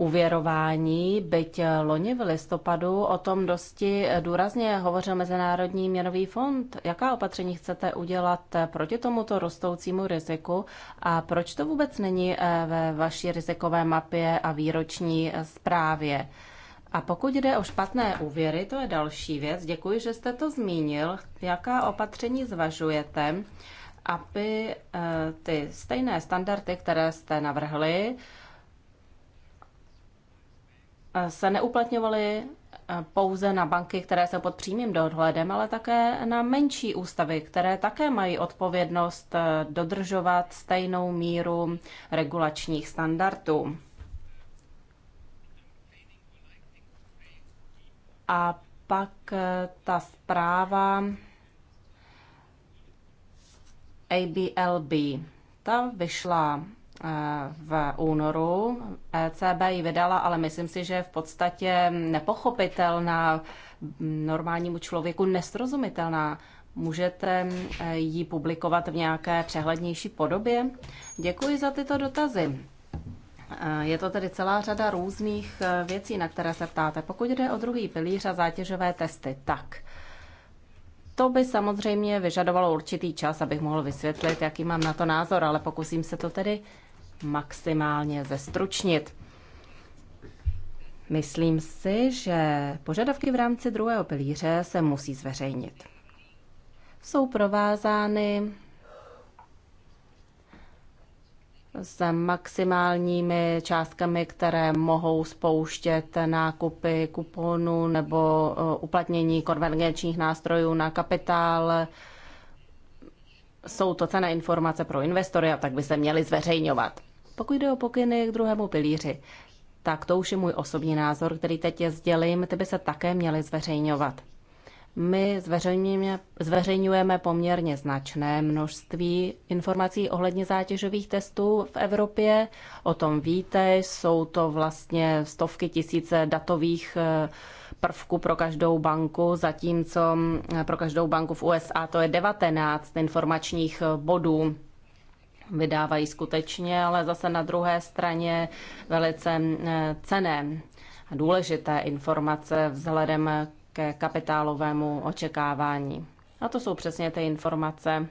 uvěrování, byť loni v listopadu o tom dosti důrazně hovořil Mezinárodní měnový fond. Jaká opatření chcete udělat proti tomuto rostoucímu riziku a proč to vůbec není eh, ve vaší rizikové mapě a výroční eh, zprávě? A pokud jde o špatné úvěry, to je další věc. Děkuji, že jste to zmínil. Jaká opatření zvažujete, aby eh, ty stejné standardy, které jste navrhli, Eh, se neuplatňovaly eh, pouze na banky, které jsou pod přímým dohledem, ale také na menší ústavy, které také mají odpovědnost eh, dodržovat stejnou míru regulačních standardů. A pak ta zpráva ABLB. Ta vyšla Eh, v únoru. ECB ji vydala, ale myslím si, že je v podstatě nepochopitelná, normálnímu člověku nesrozumitelná. Můžete eh, ji publikovat v nějaké přehlednější podobě? Děkuji za tyto dotazy. Eh, je to tedy celá řada různých věcí, na které se ptáte. Pokud jde o druhý pilíř a zátěžové testy, tak to by samozřejmě vyžadovalo určitý čas, abych mohl vysvětlit, jaký mám na to názor, ale pokusím se to tedy maximálně zestručnit. Myslím si, že požadavky v rámci druhého pilíře se musí zveřejnit. Jsou provázány s maximálními částkami, které mohou spouštět nákupy kuponu nebo e, uplatnění konvergenčních nástrojů na kapitál. Jsou to cené informace pro investory a tak by se měly zveřejňovat. Pokud jde o pokyny k druhému pilíři, tak to už je můj osobní názor, který teď je sdělím, ty by se také měly zveřejňovat. My zveřejňujeme, zveřejňujeme poměrně značné množství informací ohledně zátěžových testů v Evropě. O tom víte, jsou to vlastně stovky tisíce datových eh, prvků pro každou banku, zatímco eh, pro každou banku v USA to je 19 informačních eh, bodů vydávají skutečně, ale zase na druhé straně velice eh, cené a důležité informace vzhledem ke kapitálovému očekávání. A to jsou přesně ty informace,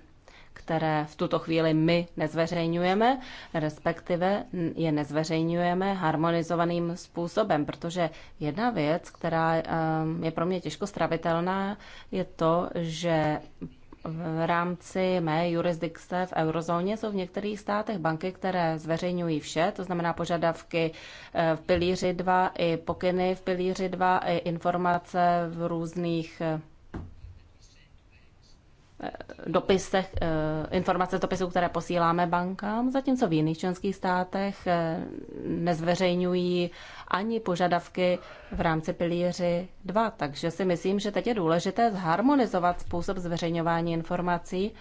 které v tuto chvíli my nezveřejňujeme, respektive je nezveřejňujeme harmonizovaným způsobem, protože jedna věc, která eh, je pro mě těžko stravitelná, je to, že v rámci mé jurisdikce v eurozóně jsou v některých státech banky, které zveřejňují vše, to znamená požadavky eh, v pilíři 2 i pokyny v pilíři 2 i informace v různých eh, Eh, dopisech, eh, informace z dopisů, které posíláme bankám, zatímco v jiných členských státech eh, nezveřejňují ani požadavky v rámci pilíři 2. Takže si myslím, že teď je důležité zharmonizovat způsob zveřejňování informací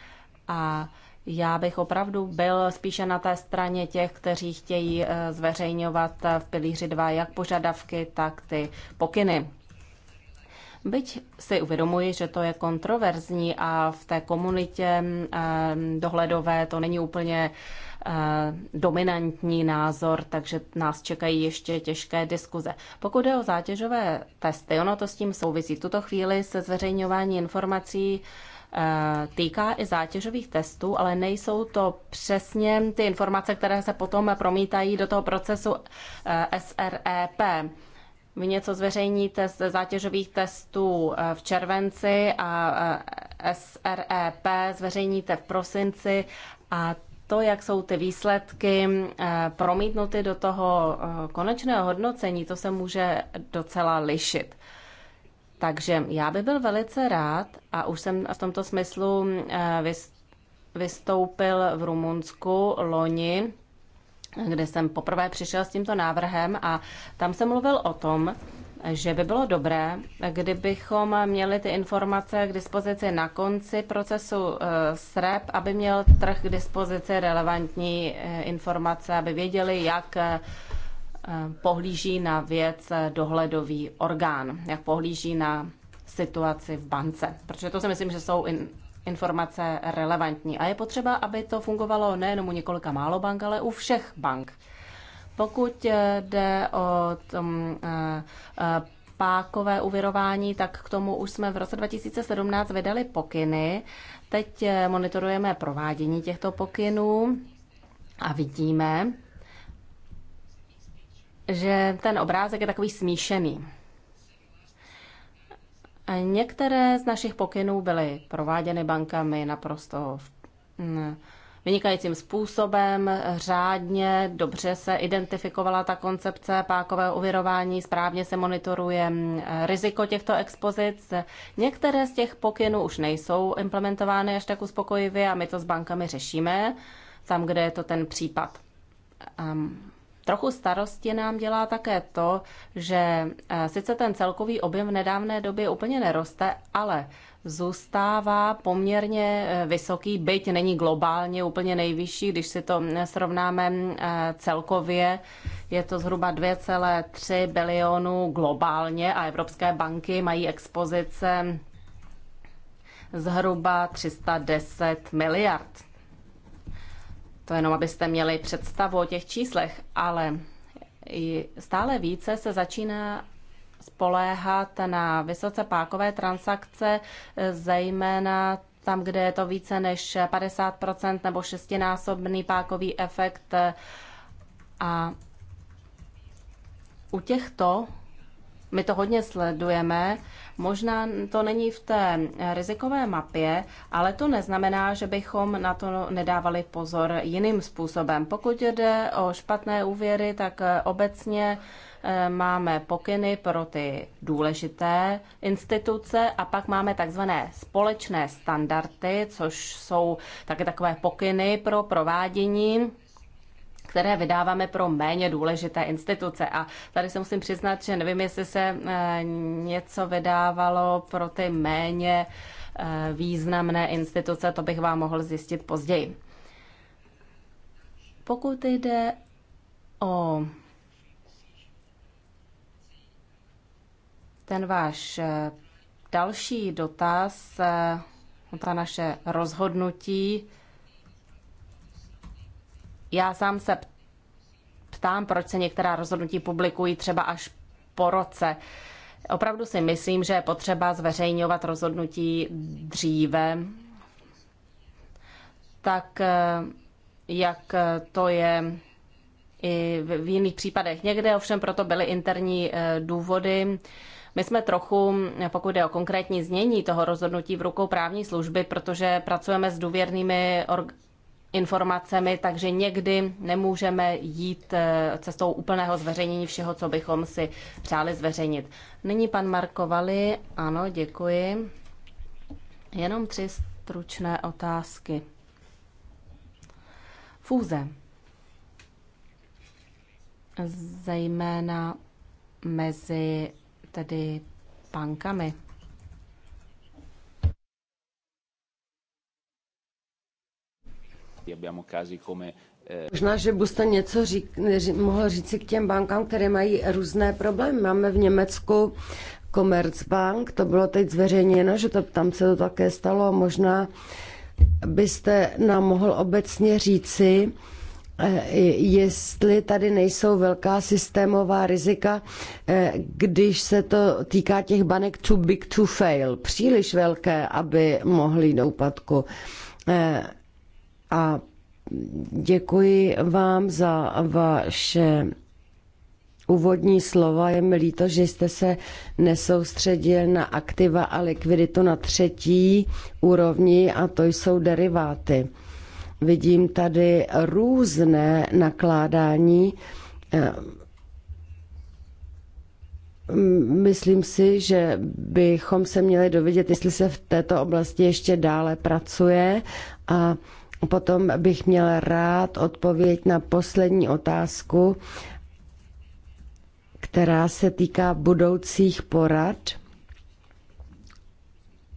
a já bych opravdu byl spíše na té straně těch, kteří chtějí zveřejňovat v pilíři 2 jak požadavky, tak ty pokyny. Byť si uvědomuji, že to je kontroverzní a v té komunitě ehm, dohledové to není úplně eh, dominantní názor, takže nás čekají ještě těžké diskuze. Pokud je o zátěžové testy, ono to s tím souvisí. tuto chvíli se zveřejňování informací eh, týká i zátěžových testů, ale nejsou to přesně ty informace, které se potom promítají do toho procesu eh, SREP. Vy něco zveřejníte z zátěžových testů eh, v červenci a eh, SREP zveřejníte v prosinci a to, jak jsou ty výsledky eh, promítnuty do toho konečného hodnocení, to se může docela lišit. Takže já bych byl velice rád, a už jsem v tomto smyslu vystoupil v Rumunsku loni, kde jsem poprvé přišel s tímto návrhem a tam jsem mluvil o tom, že by bylo dobré, kdybychom měli ty informace k dispozici na konci procesu eh, SREP, aby měl trh k dispozici relevantní eh, informace, aby věděli, jak eh, pohlíží na věc dohledový orgán, jak pohlíží na situaci v bance. Protože to si myslím, že jsou informace relevantní. A je potřeba, aby to fungovalo nejenom u několika málo bank, ale u všech bank. Pokud jde o tom, eh, eh, pákové uvěrování, tak k tomu už jsme v roce 2017 vydali pokyny. Teď eh, monitorujeme provádění těchto pokynů a vidíme, že ten obrázek je takový smíšený. Některé z našich pokynů byly prováděny bankami naprosto mm, vynikajícím způsobem, řádně, dobře se identifikovala ta koncepce pákového uvěrování, správně se monitoruje mm, riziko těchto expozic. Některé z těch pokynů už nejsou implementovány až tak uspokojivě a my to s bankami řešíme, tam, kde je to ten případ. Um, Trochu starosti nám dělá také to, že e, sice ten celkový objem v nedávné době úplně neroste, ale zůstává poměrně e, vysoký, byť není globálně úplně nejvyšší, když si to srovnáme e, celkově, je to zhruba 2,3 bilionů globálně a evropské banky mají expozice zhruba 310 miliard. To jenom, abyste měli představu o těch číslech, ale stále více se začíná spoléhat na vysoce pákové transakce, zejména tam, kde je to více než 50% nebo šestinásobný pákový efekt. A u těchto my to hodně sledujeme. Možná to není v té rizikové mapě, ale to neznamená, že bychom na to nedávali pozor jiným způsobem. Pokud jde o špatné úvěry, tak eh, obecně eh, máme pokyny pro ty důležité instituce a pak máme takzvané společné standardy, což jsou také takové pokyny pro provádění které vydáváme pro méně důležité instituce. A tady se musím přiznat, že nevím, jestli se eh, něco vydávalo pro ty méně eh, významné instituce, to bych vám mohl zjistit později. Pokud jde o ten váš eh, další dotaz, ta naše rozhodnutí, já sám se ptám, proč se některá rozhodnutí publikují třeba až po roce. Opravdu si myslím, že je potřeba zveřejňovat rozhodnutí dříve, tak eh, jak eh, to je i v jiných případech. Někde ovšem proto byly interní eh, důvody. My jsme trochu, pokud jde o konkrétní znění toho rozhodnutí v rukou právní služby, protože pracujeme s důvěrnými informacemi, takže někdy nemůžeme jít eh, cestou úplného zveřejnění všeho, co bychom si přáli zveřejnit. Nyní pan Markovali, ano, děkuji. Jenom tři stručné otázky. Fůze. Zejména mezi tedy pankami. Eh, Možná, že byste něco řík, mohl říci k těm bankám, které mají různé problémy. Máme v Německu Commerzbank, to bylo teď zveřejněno, že to, tam se to také stalo. Možná byste nám mohl obecně říci, eh, jestli tady nejsou velká systémová rizika, eh, když se to týká těch banek too big to fail, příliš velké, aby mohly do úpadku a děkuji vám za vaše úvodní slova. Je mi líto, že jste se nesoustředil na aktiva a likviditu na třetí úrovni a to jsou deriváty. Vidím tady různé nakládání. Eh, myslím si, že bychom se měli dovědět, jestli se v této oblasti ještě dále pracuje a Potom bych měla rád odpověď na poslední otázku, která se týká budoucích porad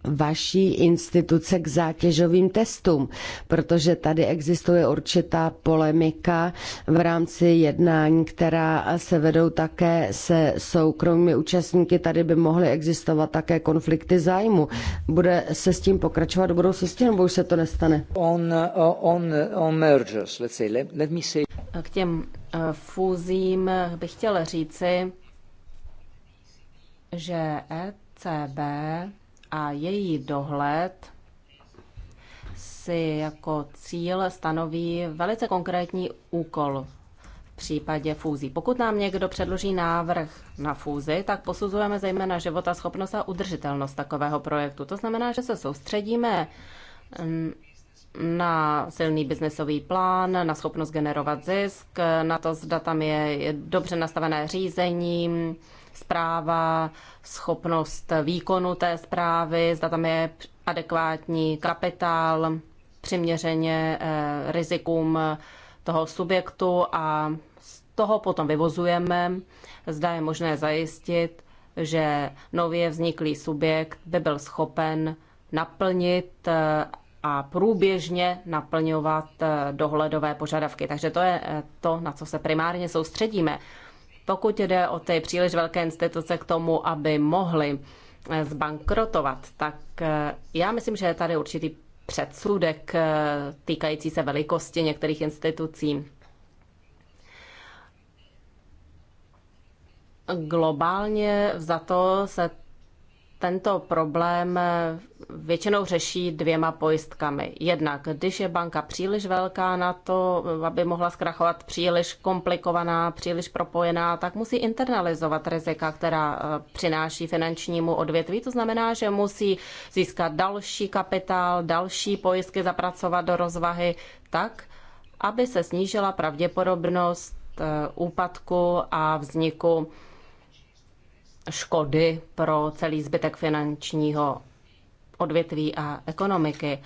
vaší instituce k zátěžovým testům, protože tady existuje určitá polemika v rámci jednání, která se vedou také se soukromými účastníky. Tady by mohly existovat také konflikty zájmu. Bude se s tím pokračovat do budoucnosti, nebo už se to nestane? On, uh, on, uh, on mergers, let's say, let, me say... K těm uh, fúzím bych chtěla říci, že ECB a její dohled si jako cíl stanoví velice konkrétní úkol v případě fúzí. Pokud nám někdo předloží návrh na fúzi, tak posuzujeme zejména života, schopnost a udržitelnost takového projektu. To znamená, že se soustředíme mm, na silný biznesový plán, na schopnost generovat zisk, na to, zda tam je dobře nastavené řízení, zpráva, schopnost výkonu té zprávy, zda tam je adekvátní kapitál, přiměřeně eh, rizikům toho subjektu a z toho potom vyvozujeme, zda je možné zajistit, že nově vzniklý subjekt by byl schopen naplnit eh, a průběžně naplňovat eh, dohledové požadavky. Takže to je to, na co se primárně soustředíme pokud jde o ty příliš velké instituce k tomu, aby mohly eh, zbankrotovat, tak eh, já myslím, že je tady určitý předsudek eh, týkající se velikosti některých institucí. Globálně za to se tento problém většinou řeší dvěma pojistkami. Jednak, když je banka příliš velká na to, aby mohla zkrachovat příliš komplikovaná, příliš propojená, tak musí internalizovat rizika, která eh, přináší finančnímu odvětví. To znamená, že musí získat další kapitál, další pojistky zapracovat do rozvahy tak, aby se snížila pravděpodobnost eh, úpadku a vzniku škody pro celý zbytek finančního odvětví a ekonomiky.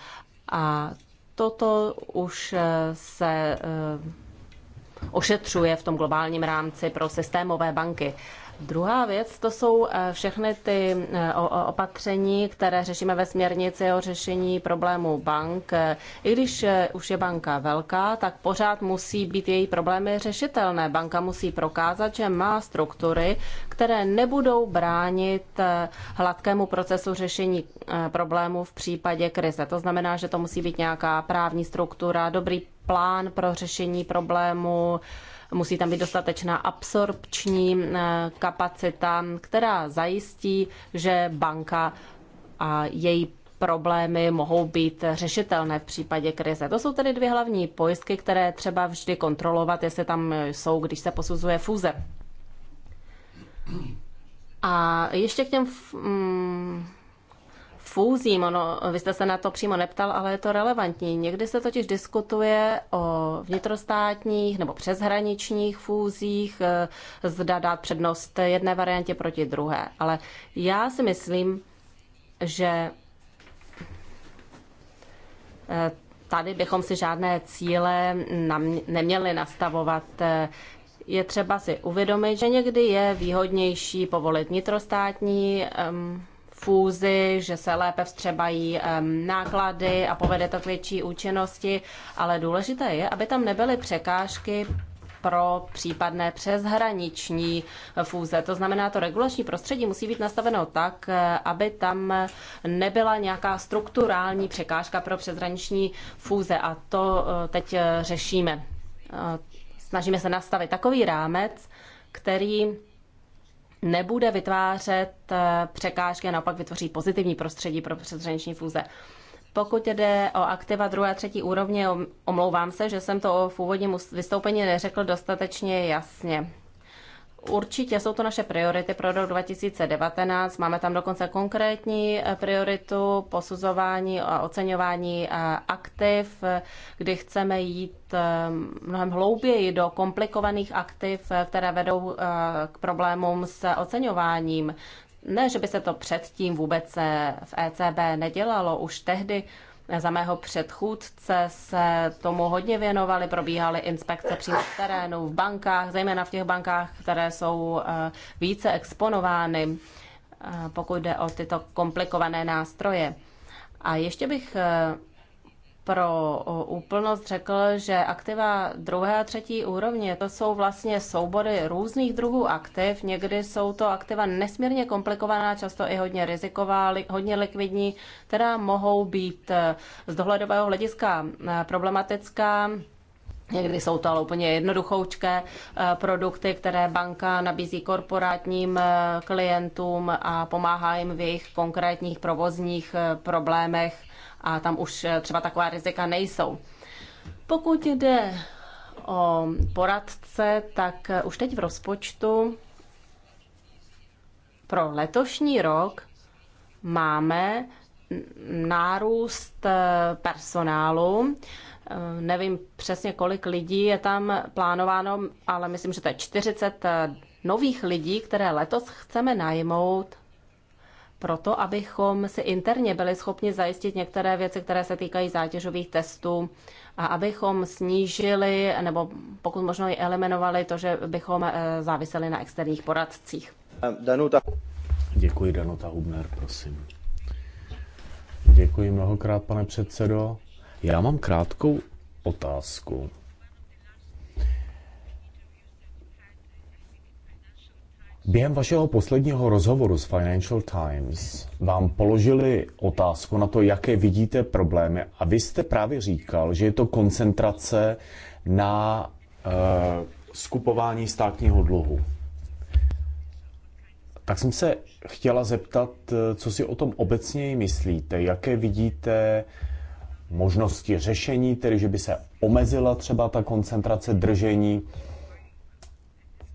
A toto už se eh, ošetřuje v tom globálním rámci pro systémové banky. Druhá věc, to jsou eh, všechny ty eh, opatření, které řešíme ve směrnici o řešení problémů bank. Eh, I když už je banka velká, tak pořád musí být její problémy řešitelné. Banka musí prokázat, že má struktury, které nebudou bránit hladkému procesu řešení problémů v případě krize. To znamená, že to musí být nějaká právní struktura, dobrý plán pro řešení problému, musí tam být dostatečná absorpční eh, kapacita, která zajistí, že banka a její problémy mohou být řešitelné v případě krize. To jsou tedy dvě hlavní pojistky, které třeba vždy kontrolovat, jestli tam jsou, když se posuzuje fúze. A ještě k těm mm, fúzím, ono, vy jste se na to přímo neptal, ale je to relevantní. Někdy se totiž diskutuje o vnitrostátních nebo přeshraničních fúzích, eh, zda dát přednost jedné variantě proti druhé. Ale já si myslím, že eh, tady bychom si žádné cíle neměli nastavovat eh, je třeba si uvědomit, že někdy je výhodnější povolit nitrostátní um, ehm, fúzi, že se lépe vstřebají náklady a povede to k větší účinnosti, ale důležité je, aby tam nebyly překážky pro případné přeshraniční fúze. To znamená, to regulační prostředí musí být nastaveno tak, aby tam nebyla nějaká strukturální překážka pro přeshraniční fúze a to eh, teď eh, řešíme. Eh, snažíme se nastavit takový rámec, který nebude vytvářet eh, překážky a naopak vytvoří pozitivní prostředí pro přeshraniční fúze. Pokud jde o aktiva druhé a třetí úrovně, omlouvám se, že jsem to v úvodním vystoupení neřekl dostatečně jasně. Určitě jsou to naše priority pro rok 2019. Máme tam dokonce konkrétní eh, prioritu posuzování a oceňování eh, aktiv, eh, kdy chceme jít mnohem hlouběji do komplikovaných aktiv, které vedou k problémům s oceňováním. Ne, že by se to předtím vůbec v ECB nedělalo, už tehdy za mého předchůdce se tomu hodně věnovali, probíhaly inspekce přímo v terénu, v bankách, zejména v těch bankách, které jsou eh, více exponovány, eh, pokud jde o tyto komplikované nástroje. A ještě bych eh, pro úplnost řekl, že aktiva druhé a třetí úrovně, to jsou vlastně soubory různých druhů aktiv. Někdy jsou to aktiva nesmírně komplikovaná, často i hodně riziková, hodně likvidní, která mohou být e, z dohledového hlediska e, problematická. Někdy jsou to ale úplně jednoduchoučké e, produkty, které banka nabízí korporátním klientům a pomáhá jim v jejich konkrétních provozních problémech a tam už eh, třeba taková rizika nejsou. Pokud jde o poradce, tak eh, už teď v rozpočtu pro letošní rok máme nárůst eh, personálu. Nevím přesně, kolik lidí je tam plánováno, ale myslím, že to je 40 nových lidí, které letos chceme najmout proto, abychom si interně byli schopni zajistit některé věci, které se týkají zátěžových testů a abychom snížili nebo pokud možno i eliminovali to, že bychom eh, záviseli na externích poradcích. Eh, Danuta. Děkuji, Danuta Hubner, prosím. Děkuji mnohokrát, pane předsedo. Já mám krátkou otázku. Během vašeho posledního rozhovoru s Financial Times vám položili otázku na to, jaké vidíte problémy a vy jste právě říkal, že je to koncentrace na uh, skupování státního dluhu. Tak jsem se chtěla zeptat, eh, co si o tom obecně myslíte, jaké vidíte možnosti řešení, tedy že by se omezila třeba ta koncentrace držení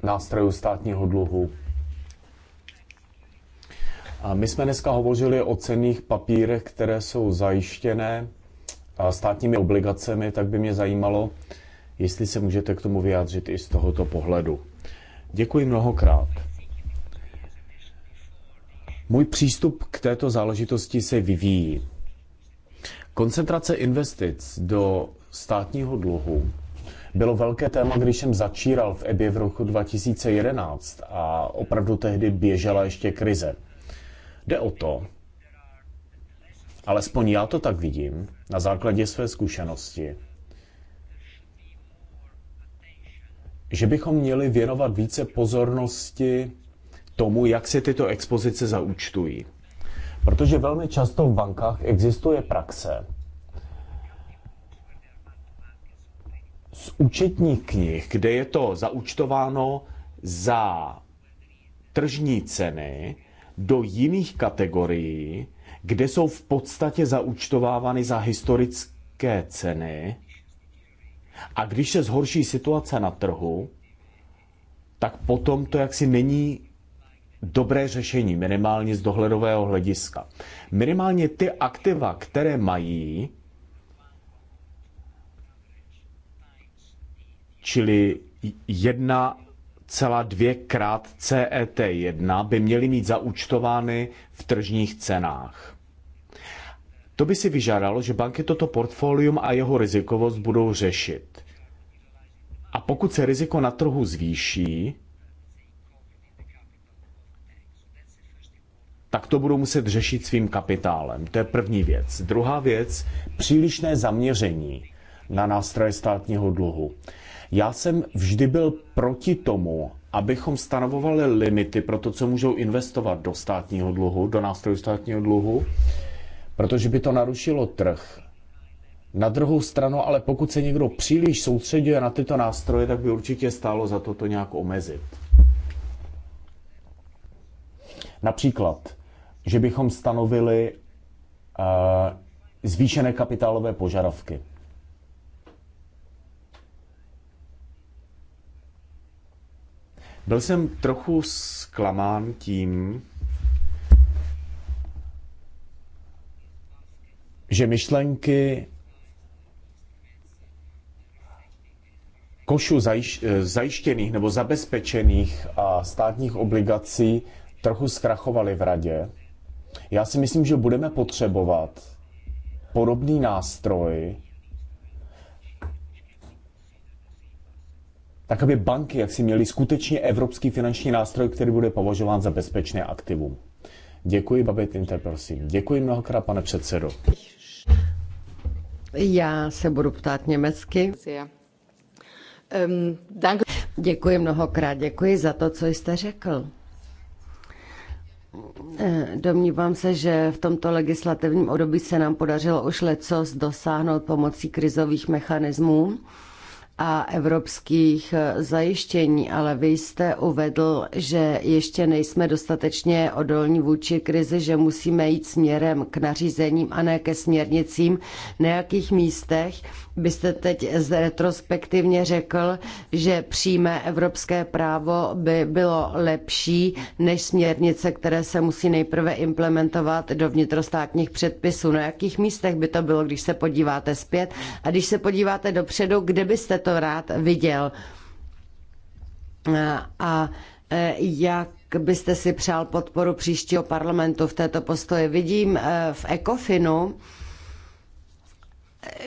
nástrojů státního dluhu. A my jsme dneska hovořili o cených papírech, které jsou zajištěné státními obligacemi, tak by mě zajímalo, jestli se můžete k tomu vyjádřit i z tohoto pohledu. Děkuji mnohokrát. Můj přístup k této záležitosti se vyvíjí. Koncentrace investic do státního dluhu bylo velké téma, když jsem začíral v EBI v roku 2011 a opravdu tehdy běžela ještě krize. Jde o to, alespoň já to tak vidím, na základě své zkušenosti, že bychom měli věnovat více pozornosti tomu, jak se tyto expozice zaúčtují. Protože velmi často v bankách existuje praxe, z účetních knih, kde je to zaučtováno za tržní ceny do jiných kategorií, kde jsou v podstatě zaučtovávány za historické ceny. A když se zhorší situace na trhu, tak potom to jaksi není dobré řešení, minimálně z dohledového hlediska. Minimálně ty aktiva, které mají, čili 1,2 krát CET1 by měly mít zaúčtovány v tržních cenách. To by si vyžádalo, že banky toto portfolium a jeho rizikovost budou řešit. A pokud se riziko na trhu zvýší, tak to budou muset řešit svým kapitálem. To je první věc. Druhá věc, přílišné zaměření na nástroje státního dluhu. Já jsem vždy byl proti tomu, abychom stanovovali limity pro to, co můžou investovat do státního dluhu, do nástrojů státního dluhu, protože by to narušilo trh. Na druhou stranu, ale pokud se někdo příliš soustředuje na tyto nástroje, tak by určitě stálo za to to nějak omezit. Například, že bychom stanovili uh, zvýšené kapitálové požadavky. Byl jsem trochu zklamán tím, že myšlenky košu zajiš, eh, zajištěných nebo zabezpečených a státních obligací trochu zkrachovaly v radě. Já si myslím, že budeme potřebovat podobný nástroj, tak aby banky jak si měly skutečně evropský finanční nástroj, který bude považován za bezpečné aktivum. Děkuji, Babet Inter, prosím. Děkuji mnohokrát, pane předsedo. Já se budu ptát německy. Děkuji mnohokrát, děkuji za to, co jste řekl. E, domnívám se, že v tomto legislativním období se nám podařilo už lecos dosáhnout pomocí krizových mechanismů a evropských eh, zajištění, ale vy jste uvedl, že ještě nejsme dostatečně odolní vůči krizi, že musíme jít směrem k nařízením a ne ke směrnicím. Na jakých místech byste teď retrospektivně řekl, že přímé evropské právo by bylo lepší než směrnice, které se musí nejprve implementovat do vnitrostátních předpisů. Na jakých místech by to bylo, když se podíváte zpět a když se podíváte dopředu, kde byste to to rád viděl. A e, jak byste si přál podporu příštího parlamentu v této postoji? Vidím e, v Ekofinu,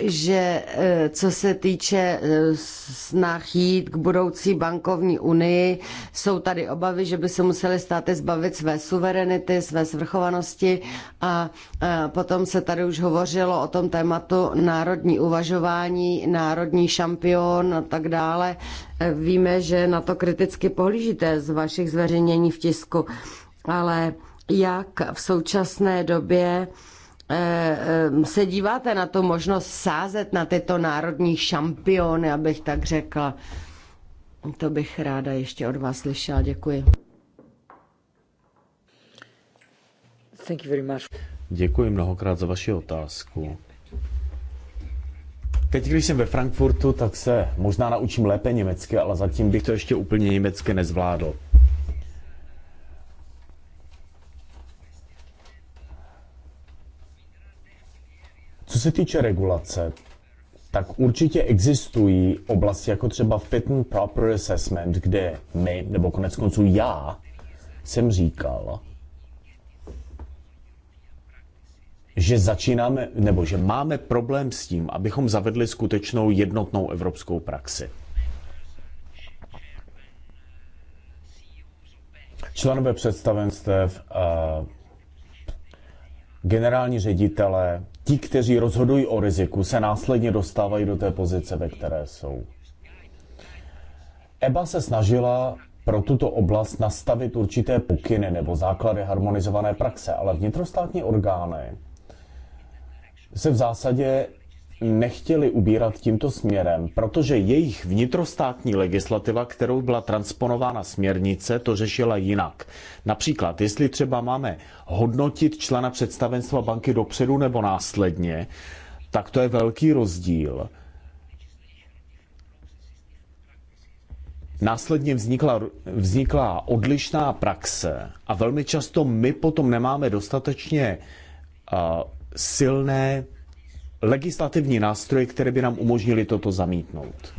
že eh, co se týče eh, snah jít k budoucí bankovní unii, jsou tady obavy, že by se museli státy zbavit své suverenity, své svrchovanosti a eh, potom se tady už hovořilo o tom tématu národní uvažování, národní šampion a tak dále. Víme, že na to kriticky pohlížíte z vašich zveřejnění v tisku, ale jak v současné době Eh, eh, se díváte na tu možnost sázet na tyto národní šampiony, abych tak řekla? To bych ráda ještě od vás slyšela. Děkuji. Thank you very much. Děkuji mnohokrát za vaši otázku. Teď, když jsem ve Frankfurtu, tak se možná naučím lépe německy, ale zatím bych to ještě úplně německy nezvládl. se týče regulace, tak určitě existují oblasti jako třeba fit and proper assessment, kde my, nebo konec konců já, jsem říkal, že začínáme, nebo že máme problém s tím, abychom zavedli skutečnou jednotnou evropskou praxi. Členové představenstev eh, generální ředitelé, ti, kteří rozhodují o riziku, se následně dostávají do té pozice, ve které jsou. EBA se snažila pro tuto oblast nastavit určité pokyny nebo základy harmonizované praxe, ale vnitrostátní orgány se v zásadě nechtěli ubírat tímto směrem, protože jejich vnitrostátní legislativa, kterou byla transponována směrnice, to řešila jinak. Například, jestli třeba máme hodnotit člena představenstva banky dopředu nebo následně, tak to je velký rozdíl. Následně vznikla, vznikla odlišná praxe a velmi často my potom nemáme dostatečně uh, silné legislativní nástroje, které by nám umožnili toto zamítnout.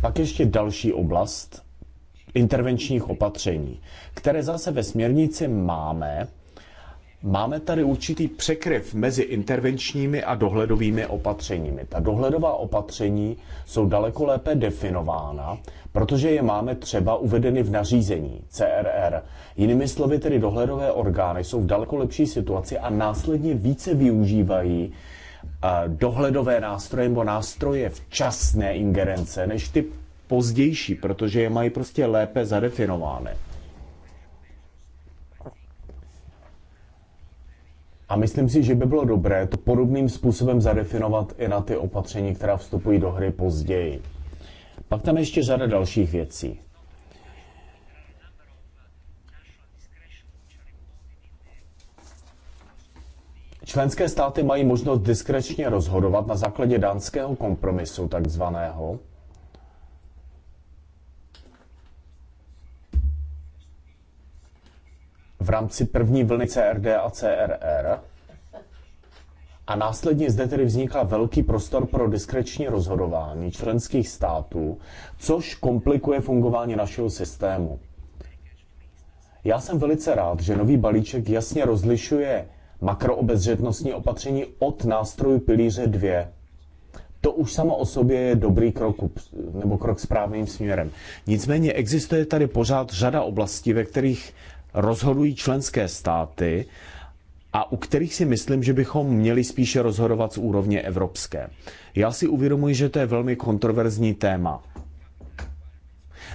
Pak ještě další oblast intervenčních opatření, které zase ve směrnici máme. Máme tady určitý překryv mezi intervenčními a dohledovými opatřeními. Ta dohledová opatření jsou daleko lépe definována, protože je máme třeba uvedeny v nařízení CRR. Jinými slovy, tedy dohledové orgány jsou v daleko lepší situaci a následně více využívají dohledové nástroje nebo nástroje včasné ingerence než ty pozdější, protože je mají prostě lépe zadefinované. A myslím si, že by bylo dobré to podobným způsobem zadefinovat i na ty opatření, která vstupují do hry později. Pak tam ještě řada dalších věcí. Členské státy mají možnost diskrečně rozhodovat na základě dánského kompromisu takzvaného, v rámci první vlny CRD a CRR. A následně zde tedy vzniká velký prostor pro diskreční rozhodování členských států, což komplikuje fungování našeho systému. Já jsem velice rád, že nový balíček jasně rozlišuje makroobezřetnostní opatření od nástrojů pilíře 2. To už samo o sobě je dobrý krok nebo krok správným směrem. Nicméně existuje tady pořád řada oblastí, ve kterých rozhodují členské státy a u kterých si myslím, že bychom měli spíše rozhodovat z úrovně evropské. Já si uvědomuji, že to je velmi kontroverzní téma.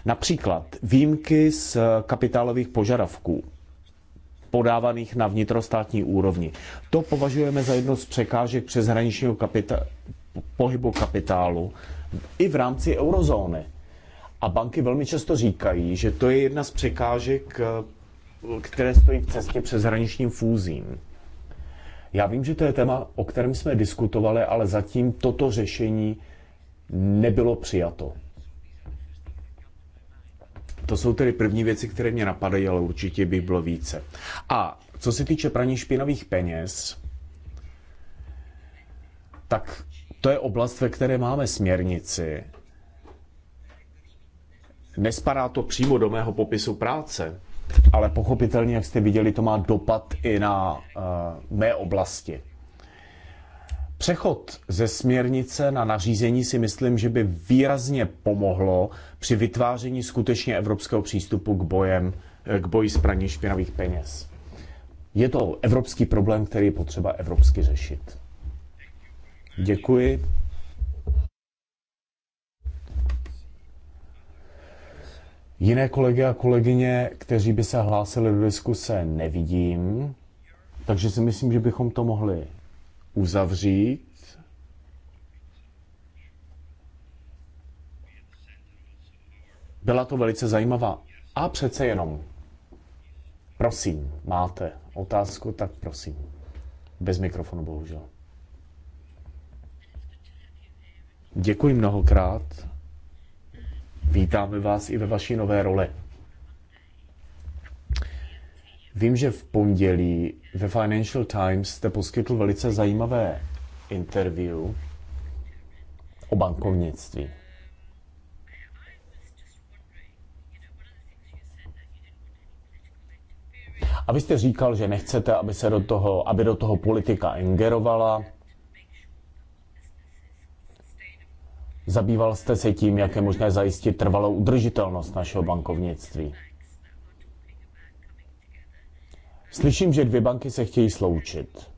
Například výjimky z kapitálových požadavků podávaných na vnitrostátní úrovni. To považujeme za jednu z překážek přeshraničního kapita- pohybu kapitálu i v rámci eurozóny. A banky velmi často říkají, že to je jedna z překážek, eh, které stojí v cestě přeshraničním fúzím. Já vím, že to je téma, o kterém jsme diskutovali, ale zatím toto řešení nebylo přijato. To jsou tedy první věci, které mě napadají, ale určitě by bylo více. A co se týče praní špinavých peněz, tak to je oblast, ve které máme směrnici. Nespadá to přímo do mého popisu práce, ale pochopitelně, jak jste viděli, to má dopad i na uh, mé oblasti. Přechod ze směrnice na nařízení si myslím, že by výrazně pomohlo při vytváření skutečně evropského přístupu k, bojem, k boji s praní špinavých peněz. Je to evropský problém, který je potřeba evropsky řešit. Děkuji. Jiné kolegy a kolegyně, kteří by se hlásili do diskuse, nevidím, takže si myslím, že bychom to mohli uzavřít. Byla to velice zajímavá. A přece jenom, prosím, máte otázku, tak prosím. Bez mikrofonu, bohužel. Děkuji mnohokrát. Vítáme vás i ve vaší nové roli. Vím, že v pondělí ve Financial Times jste poskytl velice zajímavé interview o bankovnictví. A vy jste říkal, že nechcete, aby se do toho, aby do toho politika ingerovala. Zabýval jste se tím, jak je možné zajistit trvalou udržitelnost našeho bankovnictví. Slyším, že dvě banky se chtějí sloučit.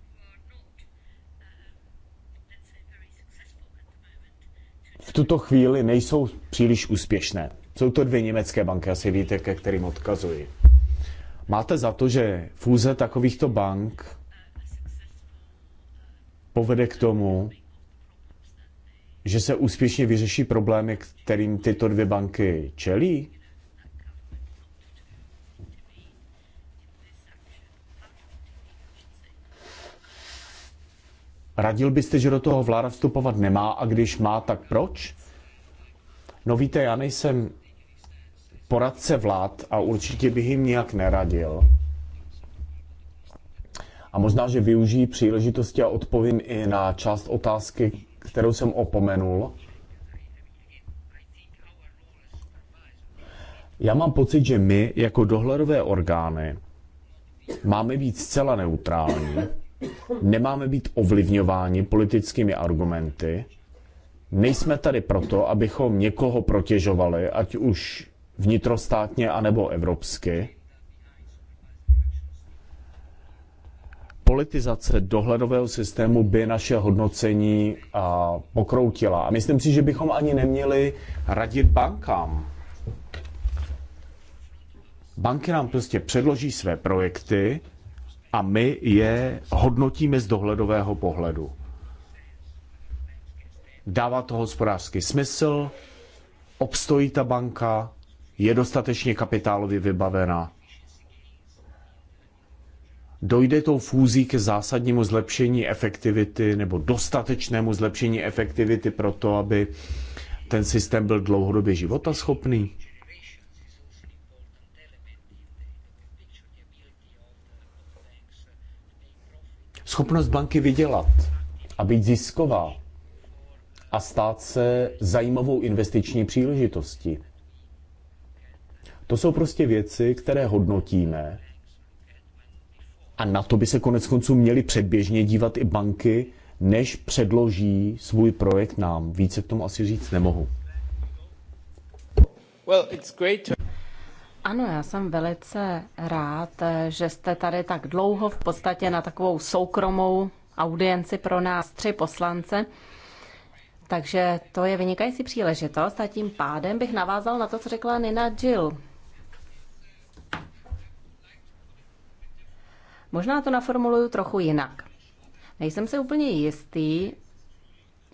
V tuto chvíli nejsou příliš úspěšné. Jsou to dvě německé banky, asi víte, ke kterým odkazuji. Máte za to, že fúze takovýchto bank povede k tomu, že se úspěšně vyřeší problémy, kterým tyto dvě banky čelí? Radil byste, že do toho vláda vstupovat nemá a když má, tak proč? No víte, já nejsem poradce vlád a určitě bych jim nějak neradil. A možná, že využijí příležitosti a odpovím i na část otázky, kterou jsem opomenul. Já mám pocit, že my jako dohledové orgány máme být zcela neutrální nemáme být ovlivňováni politickými argumenty. Nejsme tady proto, abychom někoho protěžovali, ať už vnitrostátně anebo evropsky. Politizace dohledového systému by naše hodnocení pokroutila. A myslím si, že bychom ani neměli radit bankám. Banky nám prostě předloží své projekty, a my je hodnotíme z dohledového pohledu. Dává to hospodářský smysl, obstojí ta banka, je dostatečně kapitálově vybavena. Dojde tou fúzí ke zásadnímu zlepšení efektivity nebo dostatečnému zlepšení efektivity pro to, aby ten systém byl dlouhodobě životaschopný? schopnost banky vydělat a být zisková a stát se zajímavou investiční příležitostí. To jsou prostě věci, které hodnotíme a na to by se konec konců měly předběžně dívat i banky, než předloží svůj projekt nám. Více k tomu asi říct nemohu. Well, it's great to... Ano, já jsem velice rád, že jste tady tak dlouho v podstatě na takovou soukromou audienci pro nás tři poslance. Takže to je vynikající příležitost a tím pádem bych navázal na to, co řekla Nina Jill. Možná to naformuluju trochu jinak. Nejsem si úplně jistý,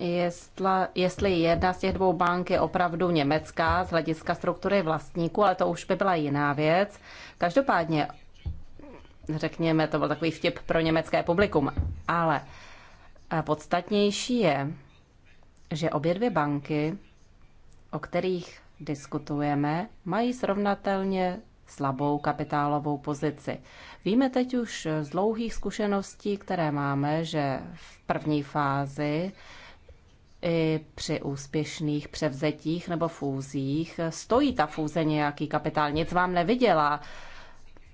jestli, jestli jedna z těch dvou bank je opravdu německá z hlediska struktury vlastníků, ale to už by byla jiná věc. Každopádně, řekněme, to byl takový vtip pro německé publikum, ale eh, podstatnější je, že obě dvě banky, o kterých diskutujeme, mají srovnatelně slabou kapitálovou pozici. Víme teď už z dlouhých zkušeností, které máme, že v první fázi i při úspěšných převzetích nebo fúzích stojí ta fúze nějaký kapitál. Nic vám neviděla.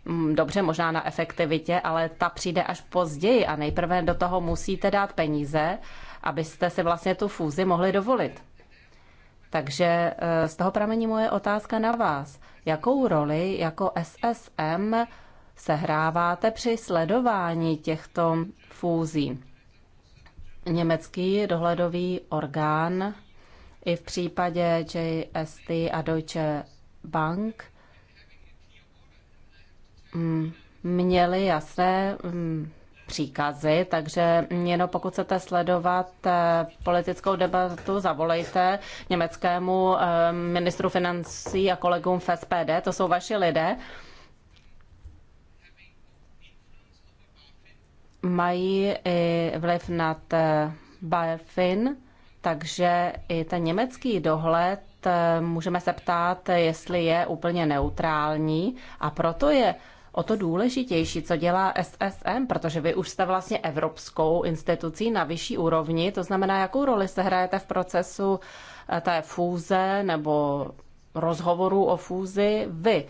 Mm, dobře, možná na efektivitě, ale ta přijde až později a nejprve do toho musíte dát peníze, abyste si vlastně tu fúzi mohli dovolit. Takže eh, z toho pramení moje otázka na vás. Jakou roli jako SSM sehráváte při sledování těchto fúzí? německý dohledový orgán i v případě JST a Deutsche Bank mm, měli jasné mm, příkazy, takže jenom pokud chcete sledovat eh, politickou debatu, zavolejte německému eh, ministru financí a kolegům v SPD, to jsou vaši lidé. mají i vliv nad eh, Bayerfin, takže i ten německý dohled eh, můžeme se ptát, jestli je úplně neutrální a proto je o to důležitější, co dělá SSM, protože vy už jste vlastně evropskou institucí na vyšší úrovni, to znamená, jakou roli se hrajete v procesu eh, té fůze nebo rozhovoru o fúzi vy.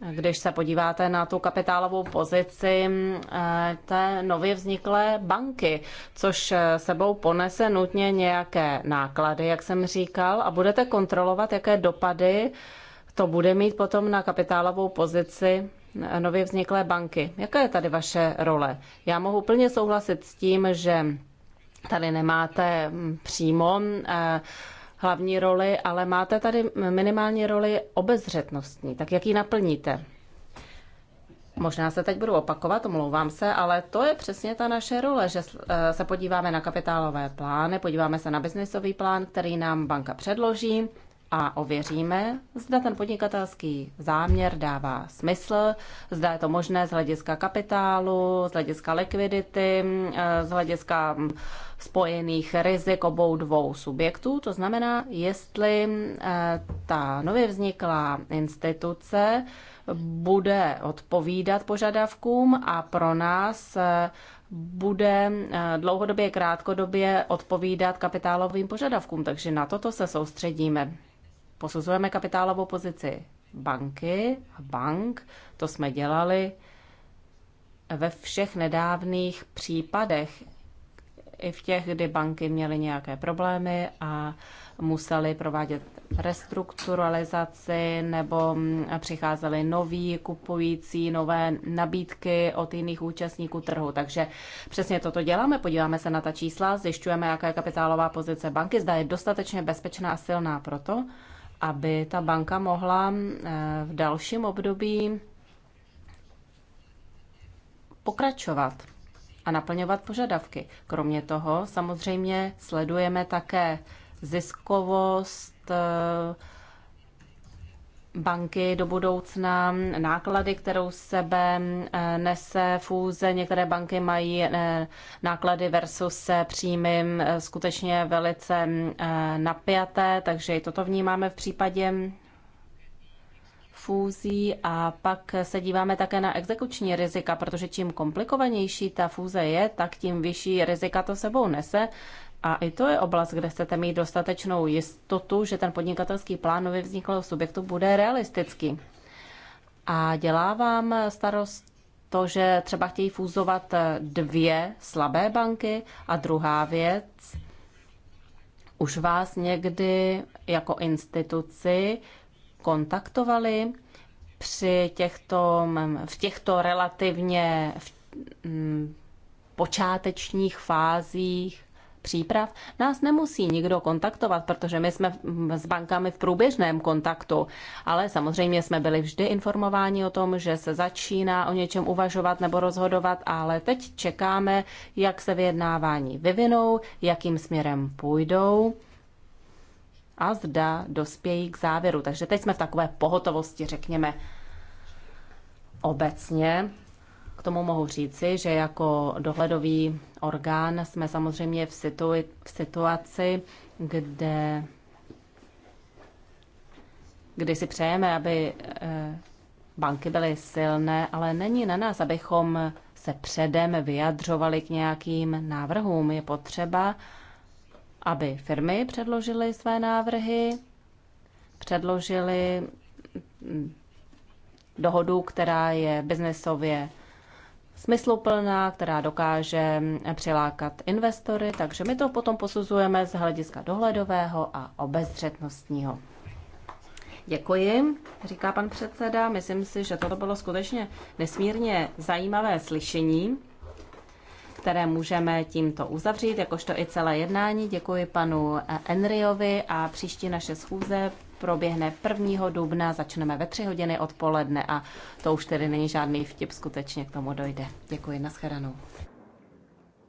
Když se podíváte na tu kapitálovou pozici eh, té nově vzniklé banky, což eh, sebou ponese nutně nějaké náklady, jak jsem říkal, a budete kontrolovat, jaké dopady to bude mít potom na kapitálovou pozici eh, nově vzniklé banky. Jaká je tady vaše role? Já mohu plně souhlasit s tím, že tady nemáte mm, přímo hlavní roli, ale máte tady minimálně roli obezřetnostní. Tak jak ji naplníte? Možná se teď budu opakovat, omlouvám se, ale to je přesně ta naše role, že eh, se podíváme na kapitálové plány, podíváme se na biznisový plán, který nám banka předloží, a ověříme, zda ten podnikatelský záměr dává smysl, zda je to možné z hlediska kapitálu, z hlediska likvidity, eh, z hlediska hm, spojených rizik obou dvou subjektů. To znamená, jestli eh, ta nově vzniklá instituce bude odpovídat požadavkům a pro nás eh, bude dlouhodobě, krátkodobě odpovídat kapitálovým požadavkům, takže na toto se soustředíme posuzujeme kapitálovou pozici banky a bank. To jsme dělali ve všech nedávných případech, i v těch, kdy banky měly nějaké problémy a museli provádět restrukturalizaci nebo mm, přicházeli noví kupující, nové nabídky od jiných účastníků trhu. Takže přesně toto děláme. Podíváme se na ta čísla, zjišťujeme, jaká je kapitálová pozice banky, zda je dostatečně bezpečná a silná proto, aby ta banka mohla eh, v dalším období pokračovat a naplňovat požadavky. Kromě toho samozřejmě sledujeme také ziskovost, eh, banky do budoucna, náklady, kterou sebe eh, nese fůze. Některé banky mají eh, náklady versus příjmy mm, skutečně velice mm, eh, napjaté, takže i toto vnímáme v případě fúzí a pak se díváme také na exekuční rizika, protože čím komplikovanější ta fúze je, tak tím vyšší rizika to sebou nese. A i to je oblast, kde chcete mít dostatečnou jistotu, že ten podnikatelský plán nově vzniklého subjektu bude realistický. A dělá vám starost to, že třeba chtějí fúzovat dvě slabé banky a druhá věc, už vás někdy jako instituci kontaktovali při těchto, v těchto relativně v, m, mm, počátečních fázích příprav, nás nemusí nikdo kontaktovat, protože my jsme s bankami v průběžném kontaktu, ale samozřejmě jsme byli vždy informováni o tom, že se začíná o něčem uvažovat nebo rozhodovat, ale teď čekáme, jak se vyjednávání vyvinou, jakým směrem půjdou a zda dospějí k závěru. Takže teď jsme v takové pohotovosti, řekněme, obecně tomu mohu říci, že jako dohledový orgán jsme samozřejmě v, situ- v situaci, kde kdy si přejeme, aby eh, banky byly silné, ale není na nás, abychom se předem vyjadřovali k nějakým návrhům. Je potřeba, aby firmy předložily své návrhy, předložily hm, dohodu, která je biznesově smysluplná, která dokáže přilákat investory, takže my to potom posuzujeme z hlediska dohledového a obezřetnostního. Děkuji, říká pan předseda. Myslím si, že toto bylo skutečně nesmírně zajímavé slyšení, které můžeme tímto uzavřít, jakožto i celé jednání. Děkuji panu Enriovi a příští naše schůze proběhne 1. dubna, začneme ve 3 hodiny odpoledne a to už tedy není žádný vtip, skutečně k tomu dojde. Děkuji, nashledanou.